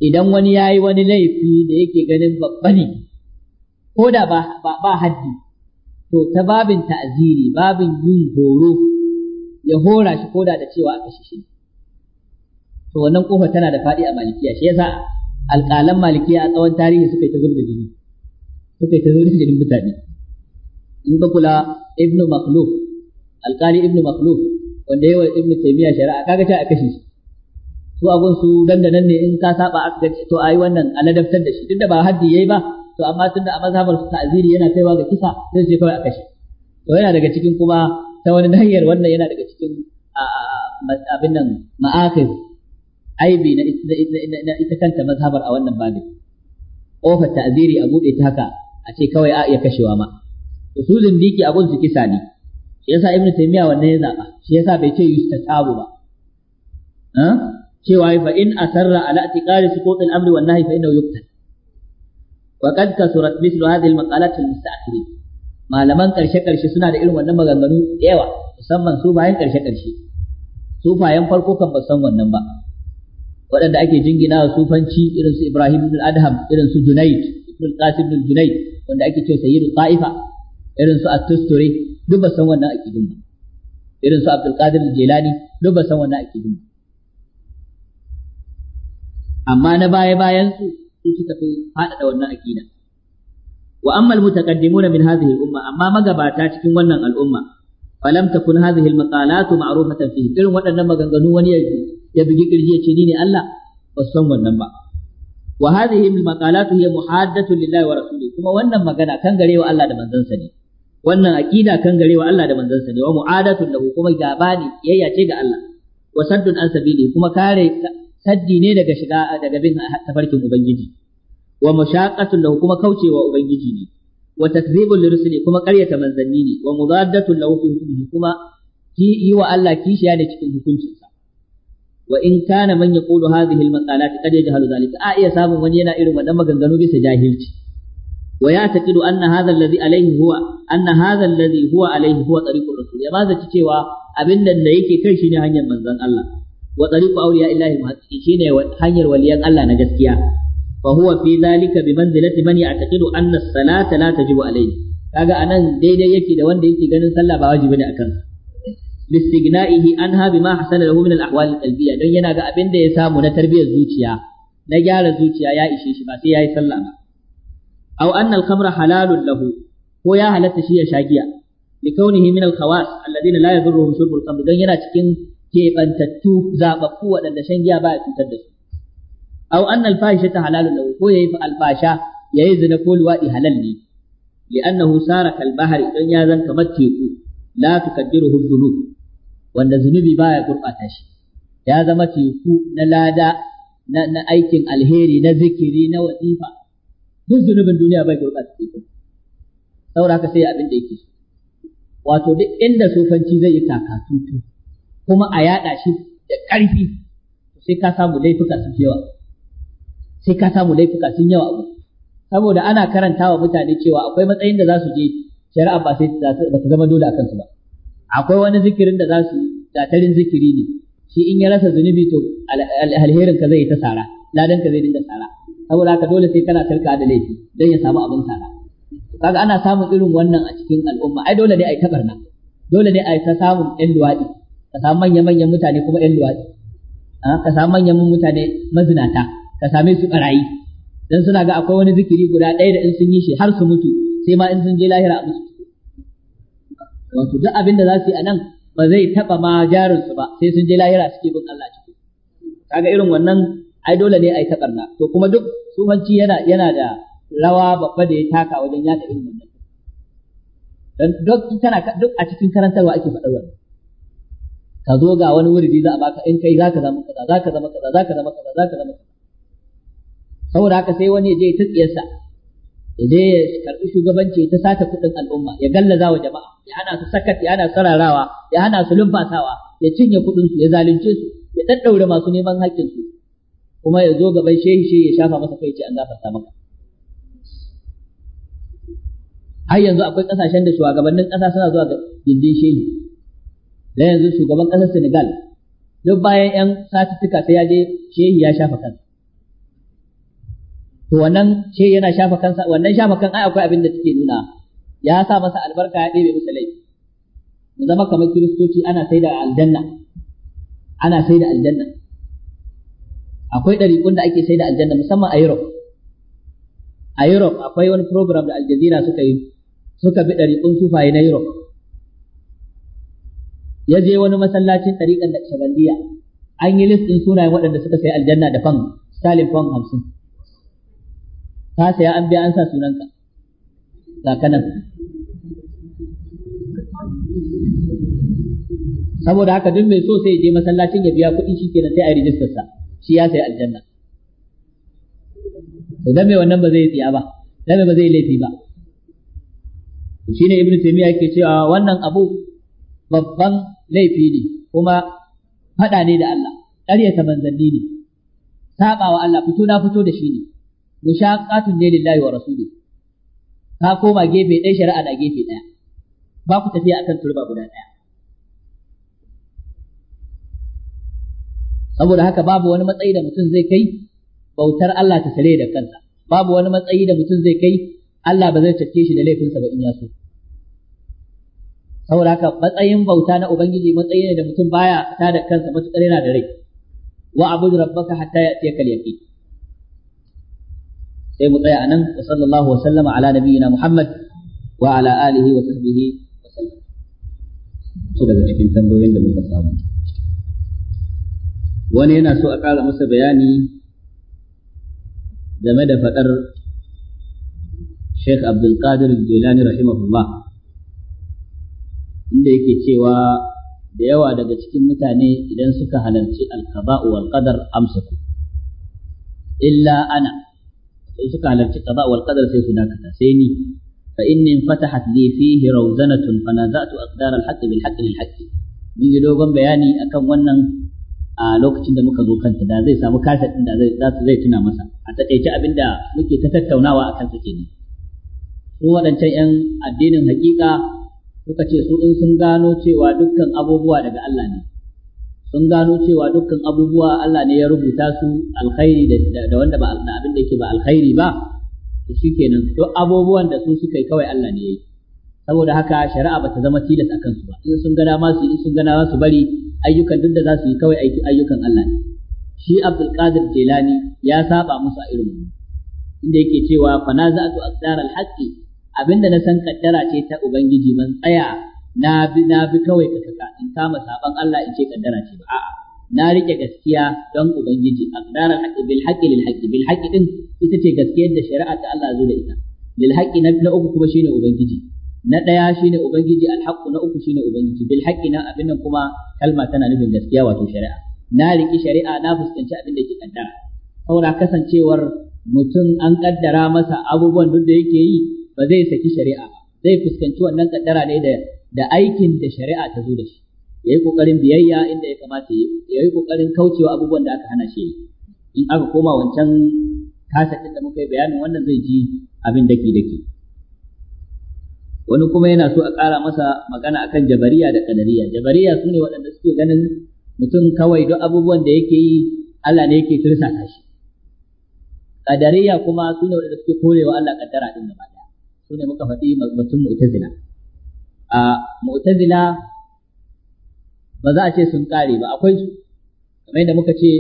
idan wani ya yi wani laifi da yake ganin babba ne ko da ba, ba haddi to ta babin ta'ziri babin yin horo ya hora shi ko da da cewa aka shi to wannan kofa tana da faɗi a malikiya shi yasa alƙalan malikiya a tsawon tarihi suka yi ta zubda jini suka yi ta zurin jinin mutane in ka kula ibnu makhluf alkali ibnu makhluf wanda yawa ibnu taimiyya shari'a kaga ta a kashe shi su abun su dandanan ne in ka saba aka gaci to ayi wannan a ladabtar da shi tunda ba haddi yayi ba to amma da a mazhabar su ta'ziri yana kaiwa ga kisa sai sai kawai a kashe to yana daga cikin kuma ta wani nahiyar wannan yana daga cikin abin nan ma'akif aibi na ita kanta mazhabar a wannan babin ƙofar ta'ziri a buɗe ta haka a ce kawai a iya kashewa ma usulin diki abun su kisa ne shi yasa ibnu taymiya wannan ya zaba shi yasa bai ce yustatabu ba cewa fa in asarra ala atiqari suqut al-amri wan nahyi fa innahu yuqtal wa qad kasurat mithlu hadhihi al-maqalat al-musta'khirin malaman karshe karshe suna da irin wannan maganganu yawa musamman su bayan karshe karshe su bayan farko kan ba san wannan ba waɗanda ake jingina wa sufanci irin su Ibrahim ibn Adham irin su Junayd ibn qasim ibn junayd wanda ake cewa sayyidu ta'ifa irin su at-tusturi duk ba san wannan aqidun ba irin su abdul qadir jilani duk ba san wannan aqidun ba amma na baya bayan su su suka fi faɗaɗa wannan aqida wa amma al-mutaqaddimun min hadhihi al-umma amma magabata cikin wannan al'umma falam takun hadhihi al-maqalatu ma'rufatan fihi irin waɗannan maganganu wani ya bigi kirji ya ce ni ne Allah ba san wannan ba wa hadhihi al-maqalatu hiya muhaddathu lillahi wa rasulihi kuma wannan magana kan garewa Allah da manzansa ne wannan aqida kan garewa Allah da manzansa ne wa mu'adatu lahu kuma gaba ne yayya ce ga Allah wa saddun an sabili kuma kare saddi ne shiga daga bin tafarkin ubangiji wa mushaqqatun lahu kuma kaucewa ubangiji ne wa takdhibul rusuli kuma ƙaryata manzanni ne wa mudaddatun yi wa Allah kishiya da cikin hukuncinsa wa in kana man yaqulu hadhihi al-maqalat qad yajhalu dhalika a iya samun wani yana irin wadannan maganganu bisa jahilci wa ya taqidu anna hadha alladhi alayhi huwa anna hadha alladhi huwa alayhi huwa tariqur rasul ya maza cewa abin nan da yake kai shine hanyar manzon Allah wa tariqu awliya illahi muhaqqiqi shine hanyar waliyan Allah na gaskiya fa huwa fi dhalika bi manzilati man ya'taqidu anna as-salata la anan daidai yake da wanda yake ganin sallah ba wajibi ne akan listigna'ihi anha bima hasala lahu min al-ahwal al-qalbiyya don yana ga abin da ya samu na tarbiyyar zuciya na gyara zuciya ya ishe shi ba sai yayi sallah ba aw anna al-khamra halalun lahu ko ya halatta shi ya sha giya likaunihi min al-khawas alladhina la yadhurruhum shurbu al-khamr don yana cikin kebantattu zababbu waɗanda shan giya ba ya cutar da su aw anna al-fahishata halalun lahu ko yayi al-fasha yayi zina ko luwadi halal ne li'annahu sara kal bahri don ya zan kamar teku la tukaddiruhu dhunub wanda zunubi baya gurɓata shi ya zama teku na lada na, na aikin alheri na zikiri na wazifa. duk zunubin duniya bai gurɓata teku saboda haka sai abin da yake so wato duk inda sofanci zai yi takatutu kuma a yaɗa shi da ƙarfi sai ka samu laifuka sun yawa sai ka samu laifuka sun yawa abu saboda ana karanta wa mutane cewa akwai matsayin da za su je shari'a ba sai ba zama dole a kansu ba akwai wani zikirin da za su gatarin zikiri ne shi in ya rasa zunubi to alherin ka zai ta sara ladan ka zai dinga sara saboda haka dole sai kana tarka da laifi don ya samu abin sara kaga ana samun irin wannan a cikin al'umma ai dole ne ai tabarna dole ne ai ta samun ɗan luwadi ka samu manyan manyan mutane kuma ɗan luwadi ah, ka samu manyan mutane mazinata ka same su barayi dan suna ga akwai wani zikiri guda ɗaya da in sun yi shi har su mutu sai ma in sun je lahira a musu wato duk abin da za su yi a nan ba zai taba ma jarinsu ba sai sun je lahira suke bin Allah ciki kaga irin wannan ai dole ne ai ta barna to kuma duk sufanci yana yana da rawa babba da ya taka wajen yada irin wannan dan duk tana duk a cikin karantarwa ake faɗar wannan ka zo ga wani wuri za a baka in kai zaka zama kaza zaka zama kaza zaka zama kaza zaka zama kaza saboda haka sai wani ya je ta tsiyarsa ya je ya karɓi shugabanci ta sata kuɗin al'umma ya gallaza wa jama'a ya hana su sakat ya hana su sararawa ya hana su lumfasawa ya cinye kuɗin su ya zalunce su ya daddaure masu neman haƙƙin su kuma ya zo gaban shehi shehi ya shafa masa kai ce an gafarta maka har yanzu akwai ƙasashen da shugabannin ƙasa suna zuwa ga gindin shehi da yanzu shugaban ƙasar Senegal duk bayan 'yan satuttuka sai ya je shehi ya shafa kansa to wannan ce yana shafa kansa wannan shafa kan ai akwai abin da take nuna ya sa masa albarka ya ɗebe masa laifi mu zama kamar kiristoci ana sai da aljanna ana sai da aljanna akwai ɗariƙun da ake sai da aljanna musamman a Europe a Europe akwai wani program da Aljazeera suka yi suka bi ɗariƙun sufaye na Europe ya je wani masallacin ɗariƙan da Shabandiya an yi listin sunayen waɗanda suka sai aljanna da fan Stalin fan hamsin ka saya an biya an sa sunanka ga kanan saboda haka duk mai so sai je masallacin ya biya kuɗi shikenan sai a rijistar sa shi ya sai aljanna to dan me wannan ba zai tsiya ba dan mai ba zai laifi ba shine ibn taymiya yake cewa wannan abu babban laifi ne kuma fada ne da Allah ta manzanni ne sabawa Allah fito na fito da shi ne mushaqqatun ne lillahi wa rasuli ka koma gefe ɗaya shari'a na gefe ɗaya ba ku tafiya akan turba guda ɗaya saboda haka babu wani matsayi da mutum zai kai bautar Allah ta sare da kansa babu wani matsayi da mutum zai kai Allah ba zai cafke shi da laifinsa ba in ya so saboda haka matsayin bauta na ubangiji matsayi ne da mutum baya fita da kansa matukar yana da rai wa abudu rabbaka hatta ya al-yaqin sai mu tsaya anan wa sallallahu wa sallama ala nabiyyina Muhammad wa ala alihi wa sahbihi wa sallam su daga cikin tambayoyin da muka samu wani yana so a ƙara masa bayani game da faɗar Sheikh Abdul Qadir Jilani rahimahullah inda yake cewa da yawa daga cikin mutane idan suka halarci alkaba wal qadar Amsa, illa ana in suka halarci qada wal qadar sai su dakata sai ni fa inni fatahat li fihi rawzanatun fa nazatu aqdar al haqq bil haqq lil haqq mun yi dogon bayani akan wannan a lokacin da muka zo kanta da zai samu kaset din da zai zai tuna masa a takaice abinda muke ta tattaunawa akan su kenan su waɗancan 'yan addinin hakika suka ce su in sun gano cewa dukkan abubuwa daga Allah ne sun gano cewa dukkan abubuwa Allah ne ya rubuta su alkhairi da wanda ba da abin da yake ba alkhairi ba to shikenan duk abubuwan da su suka yi kawai Allah ne yayi saboda haka shari'a bata zama tilas akan su ba in sun gana ma su in sun gana su bari ayyukan duk da za su yi kawai aiki ayyukan Allah ne shi Abdul Qadir Jilani ya saba musu a irin wannan inda yake cewa fanaza'atu aqdar al-haqqi abinda na san kaddara ce ta ubangiji ban tsaya na bi na bi kawai ka kaka in kama saban Allah in ce kaddara ce ba a'a na rike gaskiya don ubangiji aqdara haqqi bil haqqi lil haqqi bil haqqi din ita ce gaskiyar da shari'a ta Allah zo da ita lil haqqi na uku kuma shine ubangiji na ɗaya shine ubangiji alhaqqu na uku shine ubangiji bil haqqi na abin nan kuma kalma tana nufin gaskiya wato shari'a na riki shari'a na fuskanci abin da ke kaddara saboda kasancewar mutum an kaddara masa abubuwan duk da yake yi ba zai saki shari'a ba zai fuskanci wannan kaddara ne da da aikin da shari'a ta zo da shi ya yi kokarin biyayya inda ya kamata ya yi kokarin kaucewa abubuwan da aka hana shi in aka koma wancan kasatin da muka yi bayanin wannan zai ji abin daki daki wani kuma yana so a ƙara masa magana akan jabariya da kadariya jabariya su ne waɗanda suke ganin mutum kawai duk abubuwan da yake yi Allah ne yake tirsasa shi kadariya kuma su ne waɗanda suke korewa Allah kaddara din gaba ɗaya su ne muka faɗi mutum mu'tazila a mu'tazila ba za a ce sun kare ba akwai su kamar yadda muka ce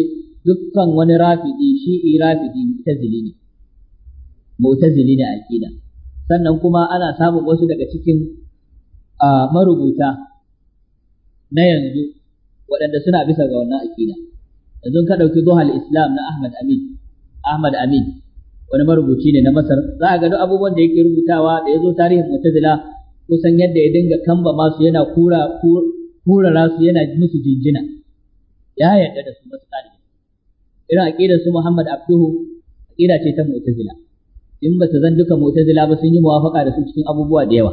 dukkan wani rafidi shi'i rafidi mu'tazili ne mu'tazili ne aqida sannan kuma ana samun wasu daga cikin marubuta na yanzu waɗanda suna bisa ga wannan aqida yanzu ka ɗauki duhal islam na ahmad amin ahmad amin wani marubuci ne na masar za a ga duk abubuwan da yake rubutawa da ya zo tarihin mu'tazila kusan yadda ya dinga kamba masu yana kura rasu yana musu jinjina ya yarda da su matuƙa da irin aqidar su Muhammad Abduhu aqida ce ta Mu'tazila in ba ta zan duka Mu'tazila ba sun yi muwafaka da su cikin abubuwa da yawa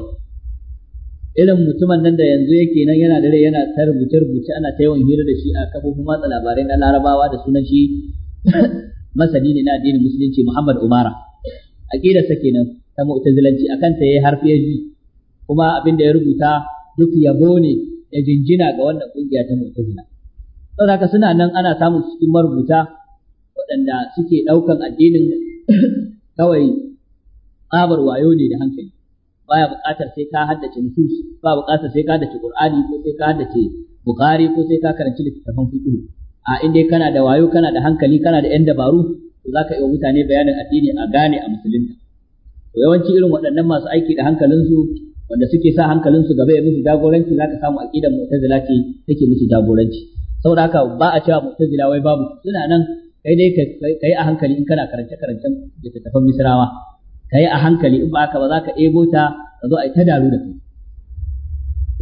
irin mutumin nan da yanzu yake nan yana dare yana ta rubuce rubuce ana ta yawan hira da shi a kafofin watsa labarai na Larabawa da sunan shi masani ne na addinin musulunci Muhammad Umara sa kenan ta Mu'tazilanci akan ta yayi harfi ya ji kuma abin da ya rubuta duk yabo ne da jinjina ga wannan kungiya ta Mu'tazila don haka suna nan ana samun cikin marubuta waɗanda suke ɗaukan addinin kawai tsabar wayo ne da hankali baya buƙatar sai ka haddace nusus ba buƙatar sai ka haddace qur'ani ko sai ka haddace bukhari ko sai ka karanci littattafan fiqh a in dai kana da wayo kana da hankali kana da yan dabaru to zaka yi wa mutane bayanin addini a gane a musulunta yawanci irin waɗannan masu aiki da hankalinsu wanda suke sa hankalin su gaba ya musu jagoranci za zaka samu aqidar mu'tazila ce take musu jagoranci saboda haka ba a cewa mu'tazila wai babu suna nan kai dai kai a hankali in kana karance karancen littattafan misrawa kai a hankali in ba haka ba za ka ego ta ka zo ai ta daru da kai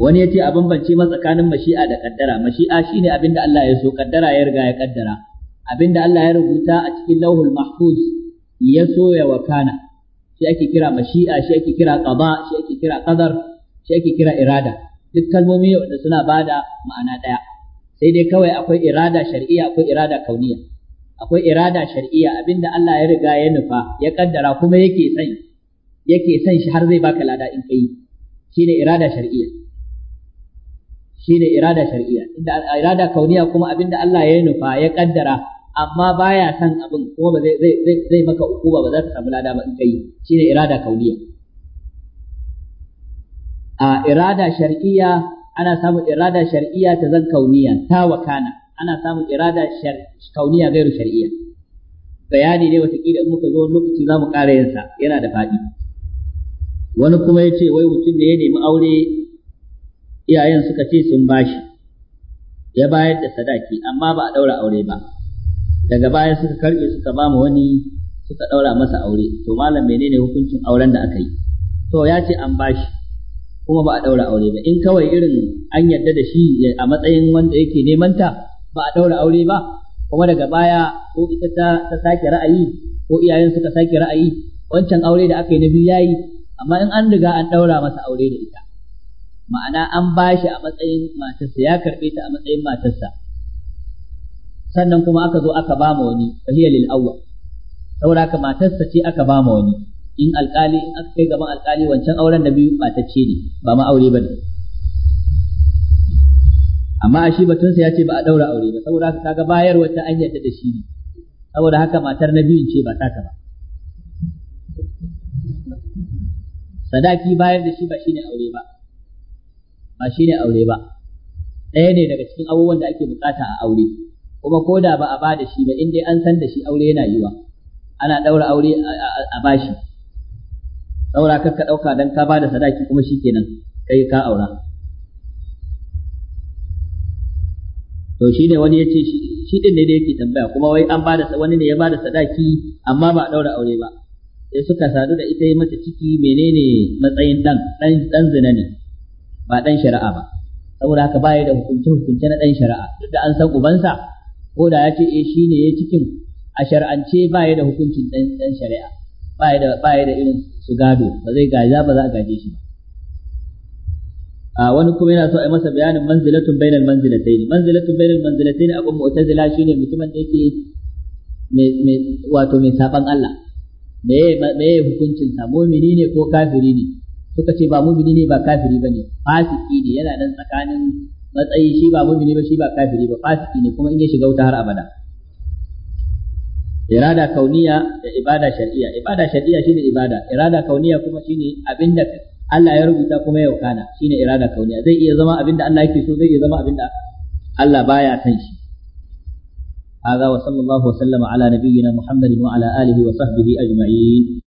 wani ya ce a bambance ma tsakanin mashi'a da kaddara mashi'a shine abinda Allah ya so kaddara ya riga ya kaddara abinda Allah ya rubuta a cikin lauhul mahfuz ya so ya wakana shi ake kira mashi'a shi ake kira qada shi ake kira qadar shi ake kira irada duk kalmomi ne wanda suna bada ma'ana daya sai dai kawai akwai irada shar'iyya akwai irada kauniya akwai irada shar'iyya abinda Allah ya riga ya nufa ya kaddara kuma yake son yake son shi har zai baka lada in kai shine irada shar'iyya shine irada shar'iyya inda irada kauniya kuma abinda Allah ya nufa ya kaddara amma baya san abin kuma ba zai zai zai maka uku ba za ka samu lada ba in kai shine irada kauniya a irada shar'iyya ana samun irada shar'iyya ta zan kauniya ta wakana ana samun irada kauniya gairu shar'iyya bayani ne watakila in muka zo lokaci za mu ƙara yin sa yana da faɗi wani kuma ya ce wai mutum da ya nemi aure iyayen suka ce sun bashi ya bayar da sadaki amma ba a daura aure ba daga baya suka karbe suka ba mu wani suka ɗaura masa aure to malam menene hukuncin auren da aka yi to ya ce an bashi kuma ba a daura aure ba in kawai irin an yarda da shi a matsayin wanda yake neman ta ba a ɗaura aure ba kuma daga baya ko ita ta, sake ra'ayi ko iyayen suka sake ra'ayi wancan aure da aka yi na biyu yayi amma in an riga an ɗaura masa aure da ita ma'ana an bashi a matsayin matarsa ya karɓe ta a matsayin matarsa sannan kuma aka zo aka ba ma wani fahiyar lil saboda ka matarsa ce aka ba ma wani in alkali in aka kai gaban alkali wancan auren na biyu matacce ne ba ma aure ba ne. amma a shi batunsa ya ce ba a daura aure ba saboda haka kaga bayar wata an yadda da shi ne saboda haka matar na biyun ce ba taka ba sadaki bayar da shi ba shine aure ba ba shine aure ba ɗaya ne daga cikin abubuwan da ake bukata a aure kuma ko da ba a ba da shi ba in dai an san da shi aure yana yiwa ana daura aure a bashi daura kar ka dauka dan ka ba da sadaki kuma shikenan kai ka aura to shi ne wani ya ce shi din ne da yake tambaya kuma wai an bada wani ne ya bada sadaki amma ba a daura aure ba sai suka sadu da ita yi mata ciki menene matsayin dan dan dan zina ne ba dan shari'a ba saboda haka baya da hukunce hukunce na dan shari'a duk da an san ubansa ko da ya ce eh shine ya cikin a shar'ance ba ya da hukuncin dan dan shari'a ba ya da ba ya da irin su gado ba zai gaja ba za a gaje shi ba a wani kuma yana so a yi masa bayanin manzilatun bainal manzilatayn manzilatun bainal manzilatayn abun mu'tazila shine mutumin da yake mai wato mai saban Allah me me hukuncin sa mu'mini ne ko kafiri ne suka ce ba mu'mini ne ba kafiri bane fasiki ne yana nan tsakanin matsayi shi ba mu'mini ba shi ba kafiri ba fasiki ne kuma in ya shiga wuta har abada irada kauniya da ibada shar'iyya ibada shar'iyya shine ibada irada kauniya kuma shine abinda Allah ya rubuta kuma ya kana shine irada kauniya zai iya zama abinda Allah yake so zai iya zama abinda Allah baya san shi هذا وصلى الله وسلم على نبينا محمد وعلى آله وصحبه أجمعين